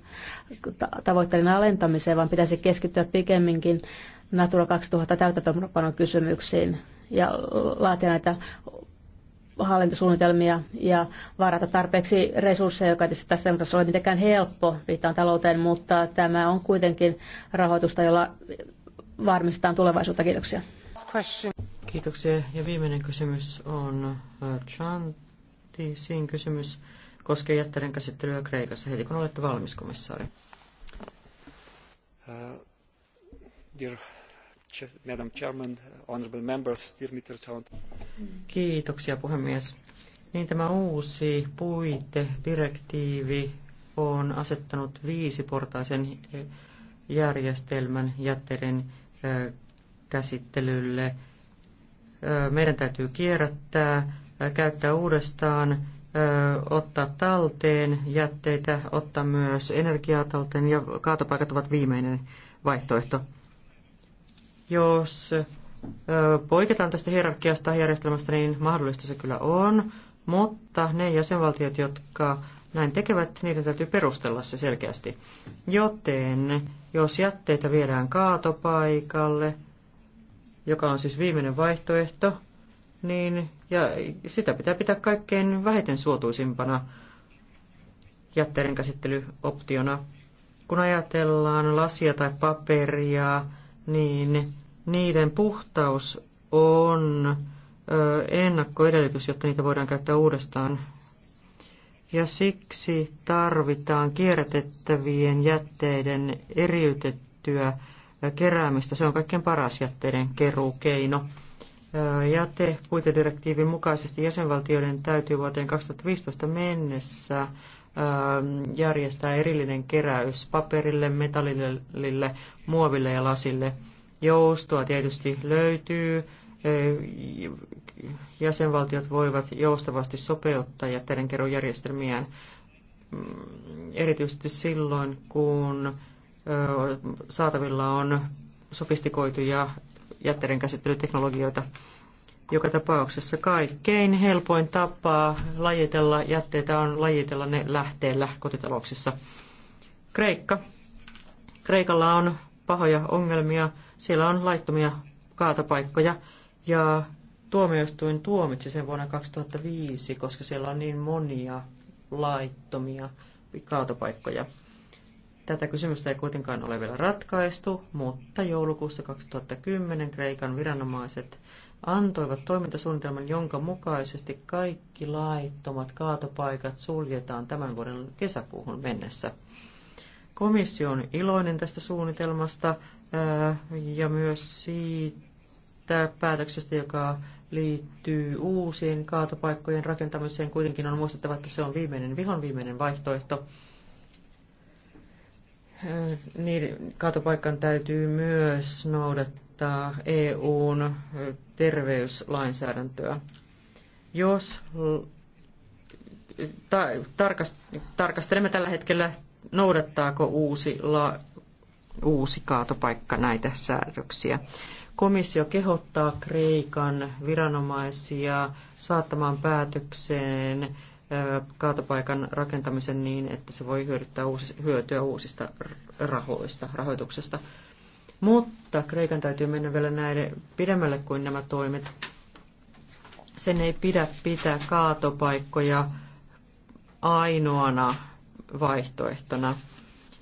tavoitteiden alentamiseen, vaan pitäisi keskittyä pikemminkin Natura 2000 täytäntöönpanon kysymyksiin ja laatia näitä hallintosuunnitelmia ja varata tarpeeksi resursseja, joka ei tästä ei ole mitenkään helppo, viittaan talouteen, mutta tämä on kuitenkin rahoitusta, jolla varmistetaan tulevaisuutta. Kiitoksia. Kiitoksia. Ja viimeinen kysymys on äh, Chantisin kysymys koskee jätteiden käsittelyä Kreikassa heti kun olette valmis, komissaari. Uh, Kiitoksia puhemies. Niin tämä uusi puitedirektiivi on asettanut viisiportaisen eh, järjestelmän jätteiden eh, käsittelylle meidän täytyy kierrättää, käyttää uudestaan, ottaa talteen jätteitä, ottaa myös energiaa talteen ja kaatopaikat ovat viimeinen vaihtoehto. Jos poiketaan tästä hierarkiasta järjestelmästä, niin mahdollista se kyllä on, mutta ne jäsenvaltiot, jotka näin tekevät, niiden täytyy perustella se selkeästi. Joten jos jätteitä viedään kaatopaikalle, joka on siis viimeinen vaihtoehto, niin ja sitä pitää pitää kaikkein vähiten suotuisimpana jätteiden käsittelyoptiona. Kun ajatellaan lasia tai paperia, niin niiden puhtaus on ö, ennakkoedellytys, jotta niitä voidaan käyttää uudestaan. Ja siksi tarvitaan kierrätettävien jätteiden eriytettyä keräämistä. Se on kaikkein paras jätteiden keruukeino. Jäte puitedirektiivin mukaisesti jäsenvaltioiden täytyy vuoteen 2015 mennessä järjestää erillinen keräys paperille, metallille, muoville ja lasille. Joustoa tietysti löytyy. Jäsenvaltiot voivat joustavasti sopeuttaa keruujärjestelmiään mm, erityisesti silloin, kun saatavilla on sofistikoituja jätteiden käsittelyteknologioita. Joka tapauksessa kaikkein helpoin tapa lajitella jätteitä on lajitella ne lähteellä kotitalouksissa. Kreikka. Kreikalla on pahoja ongelmia. Siellä on laittomia kaatopaikkoja ja tuomioistuin tuomitsi sen vuonna 2005, koska siellä on niin monia laittomia kaatopaikkoja. Tätä kysymystä ei kuitenkaan ole vielä ratkaistu, mutta joulukuussa 2010 Kreikan viranomaiset antoivat toimintasuunnitelman, jonka mukaisesti kaikki laittomat kaatopaikat suljetaan tämän vuoden kesäkuuhun mennessä. Komissio on iloinen tästä suunnitelmasta äh, ja myös siitä päätöksestä, joka liittyy uusien kaatopaikkojen rakentamiseen. Kuitenkin on muistettava, että se on viimeinen, vihon viimeinen vaihtoehto niiden täytyy myös noudattaa EUn terveyslainsäädäntöä. Jos ta, tarkastelemme tällä hetkellä, noudattaako uusi, la, uusi kaatopaikka näitä säädöksiä. Komissio kehottaa Kreikan viranomaisia saattamaan päätökseen kaatopaikan rakentamisen niin, että se voi hyödyttää uusi, hyötyä uusista rahoista, rahoituksesta. Mutta Kreikan täytyy mennä vielä näiden pidemmälle kuin nämä toimet. Sen ei pidä pitää kaatopaikkoja ainoana vaihtoehtona.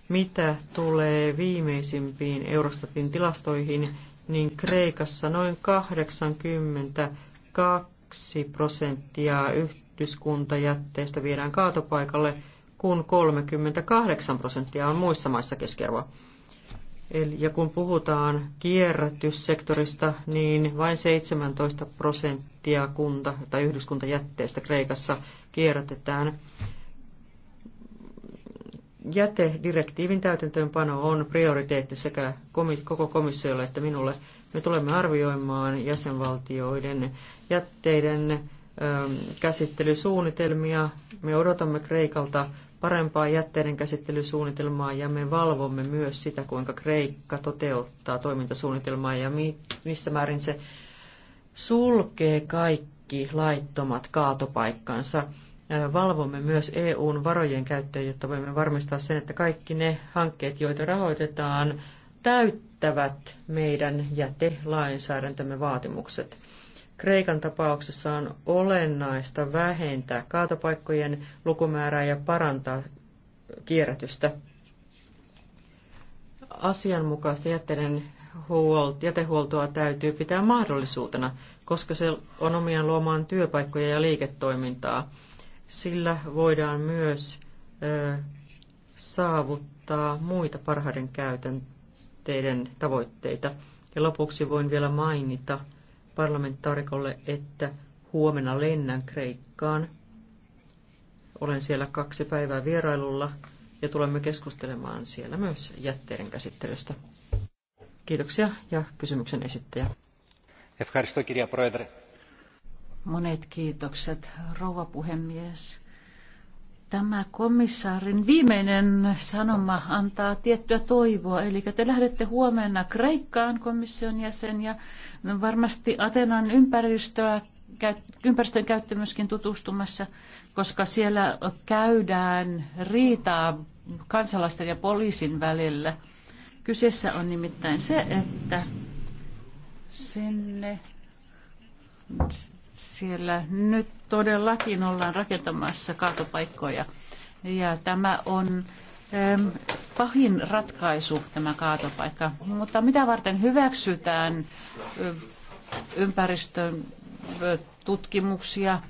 Mitä tulee viimeisimpiin Eurostatin tilastoihin, niin Kreikassa noin 82 prosenttia yhteen yhdyskuntajätteestä viedään kaatopaikalle, kun 38 prosenttia on muissa maissa keskiarvoa. Eli, ja kun puhutaan kierrätyssektorista, niin vain 17 prosenttia kunta- tai yhdyskuntajätteestä Kreikassa kierrätetään. Jätedirektiivin täytäntöönpano on prioriteetti sekä koko komissiolle että minulle. Me tulemme arvioimaan jäsenvaltioiden jätteiden Ähm, käsittelysuunnitelmia. Me odotamme Kreikalta parempaa jätteiden käsittelysuunnitelmaa ja me valvomme myös sitä, kuinka Kreikka toteuttaa toimintasuunnitelmaa ja missä määrin se sulkee kaikki laittomat kaatopaikkansa. Äh, valvomme myös EUn varojen käyttöä, jotta voimme varmistaa sen, että kaikki ne hankkeet, joita rahoitetaan, täyttävät meidän jätelainsäädäntömme vaatimukset. Kreikan tapauksessa on olennaista vähentää kaatopaikkojen lukumäärää ja parantaa kierrätystä. Asianmukaista jätteiden jätehuoltoa täytyy pitää mahdollisuutena, koska se on omiaan luomaan työpaikkoja ja liiketoimintaa. Sillä voidaan myös ö, saavuttaa muita parhaiden käytänteiden tavoitteita. Ja lopuksi voin vielä mainita, parlamentaarikolle, että huomenna lennän Kreikkaan. Olen siellä kaksi päivää vierailulla ja tulemme keskustelemaan siellä myös jätteiden käsittelystä. Kiitoksia ja kysymyksen esittäjä. Monet kiitokset, rouva puhemies. Tämä komissaarin viimeinen sanoma antaa tiettyä toivoa. Eli te lähdette huomenna Kreikkaan komission jäsen ja varmasti Atenan ympäristöä ympäristön myöskin tutustumassa, koska siellä käydään riitaa kansalaisten ja poliisin välillä. Kyseessä on nimittäin se, että sinne siellä nyt todellakin ollaan rakentamassa kaatopaikkoja. Ja tämä on pahin ratkaisu, tämä kaatopaikka. Mutta mitä varten hyväksytään ympäristön tutkimuksia?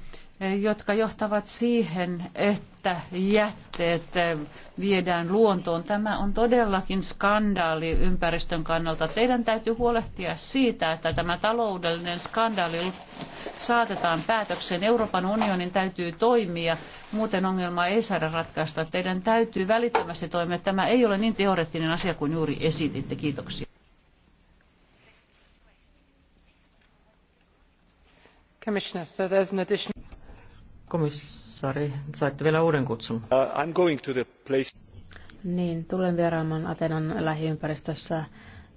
jotka johtavat siihen, että jätteet viedään luontoon. Tämä on todellakin skandaali ympäristön kannalta. Teidän täytyy huolehtia siitä, että tämä taloudellinen skandaali saatetaan päätökseen. Euroopan unionin täytyy toimia, muuten ongelmaa ei saada ratkaista. Teidän täytyy välittömästi toimia. Tämä ei ole niin teoreettinen asia kuin juuri esititte. Kiitoksia. Commissioner, so there's an additional... Komissaari, saitte vielä uuden kutsun. Uh, I'm going to the place. Niin, tulen vieraamaan Atenan lähiympäristössä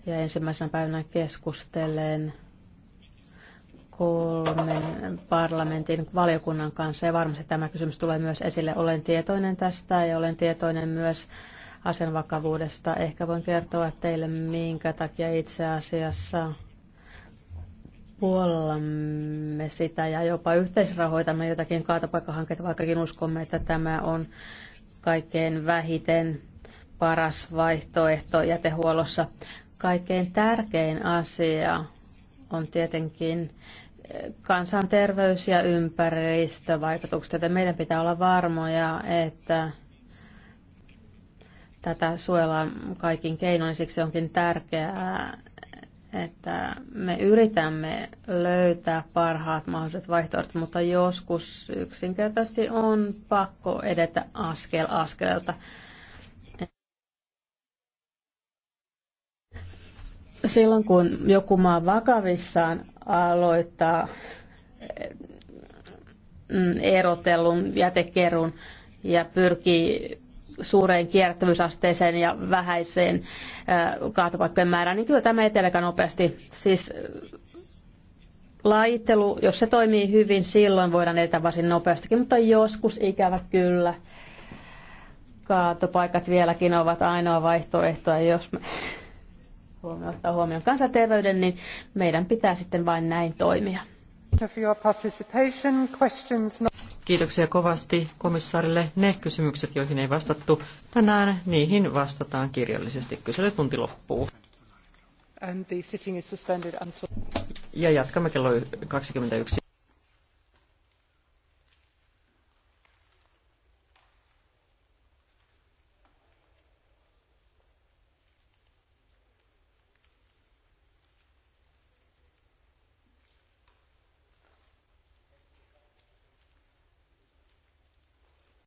ja ensimmäisenä päivänä keskustelen kolmen parlamentin valiokunnan kanssa ja varmasti tämä kysymys tulee myös esille. Olen tietoinen tästä ja olen tietoinen myös asian vakavuudesta. Ehkä voin kertoa teille, minkä takia itse asiassa puolellamme sitä ja jopa yhteisrahoitamme jotakin kaatopaikkahanketta, vaikkakin uskomme, että tämä on kaikkein vähiten paras vaihtoehto jätehuollossa. Kaikkein tärkein asia on tietenkin eh, kansanterveys ja ympäristövaikutukset, joten meidän pitää olla varmoja, että tätä suojellaan kaikin keinoin, siksi onkin tärkeää, että me yritämme löytää parhaat mahdolliset vaihtoehdot, mutta joskus yksinkertaisesti on pakko edetä askel askelelta Silloin kun joku maa vakavissaan aloittaa mm, erotellun jätekerun ja pyrkii suureen kierrättävyysasteeseen ja vähäiseen kaatopaikkojen määrään, niin kyllä tämä etelee nopeasti. Siis laittelu, jos se toimii hyvin, silloin voidaan edetä varsin nopeastikin, mutta joskus ikävä kyllä. Kaatopaikat vieläkin ovat ainoa vaihtoehto, ja jos me huomioon, ottaa huomioon kansanterveyden, niin meidän pitää sitten vain näin toimia. Kiitoksia kovasti komissaarille. Ne kysymykset, joihin ei vastattu tänään, niihin vastataan kirjallisesti. Kyselytunti loppuu. Ja jatkamme kello 21.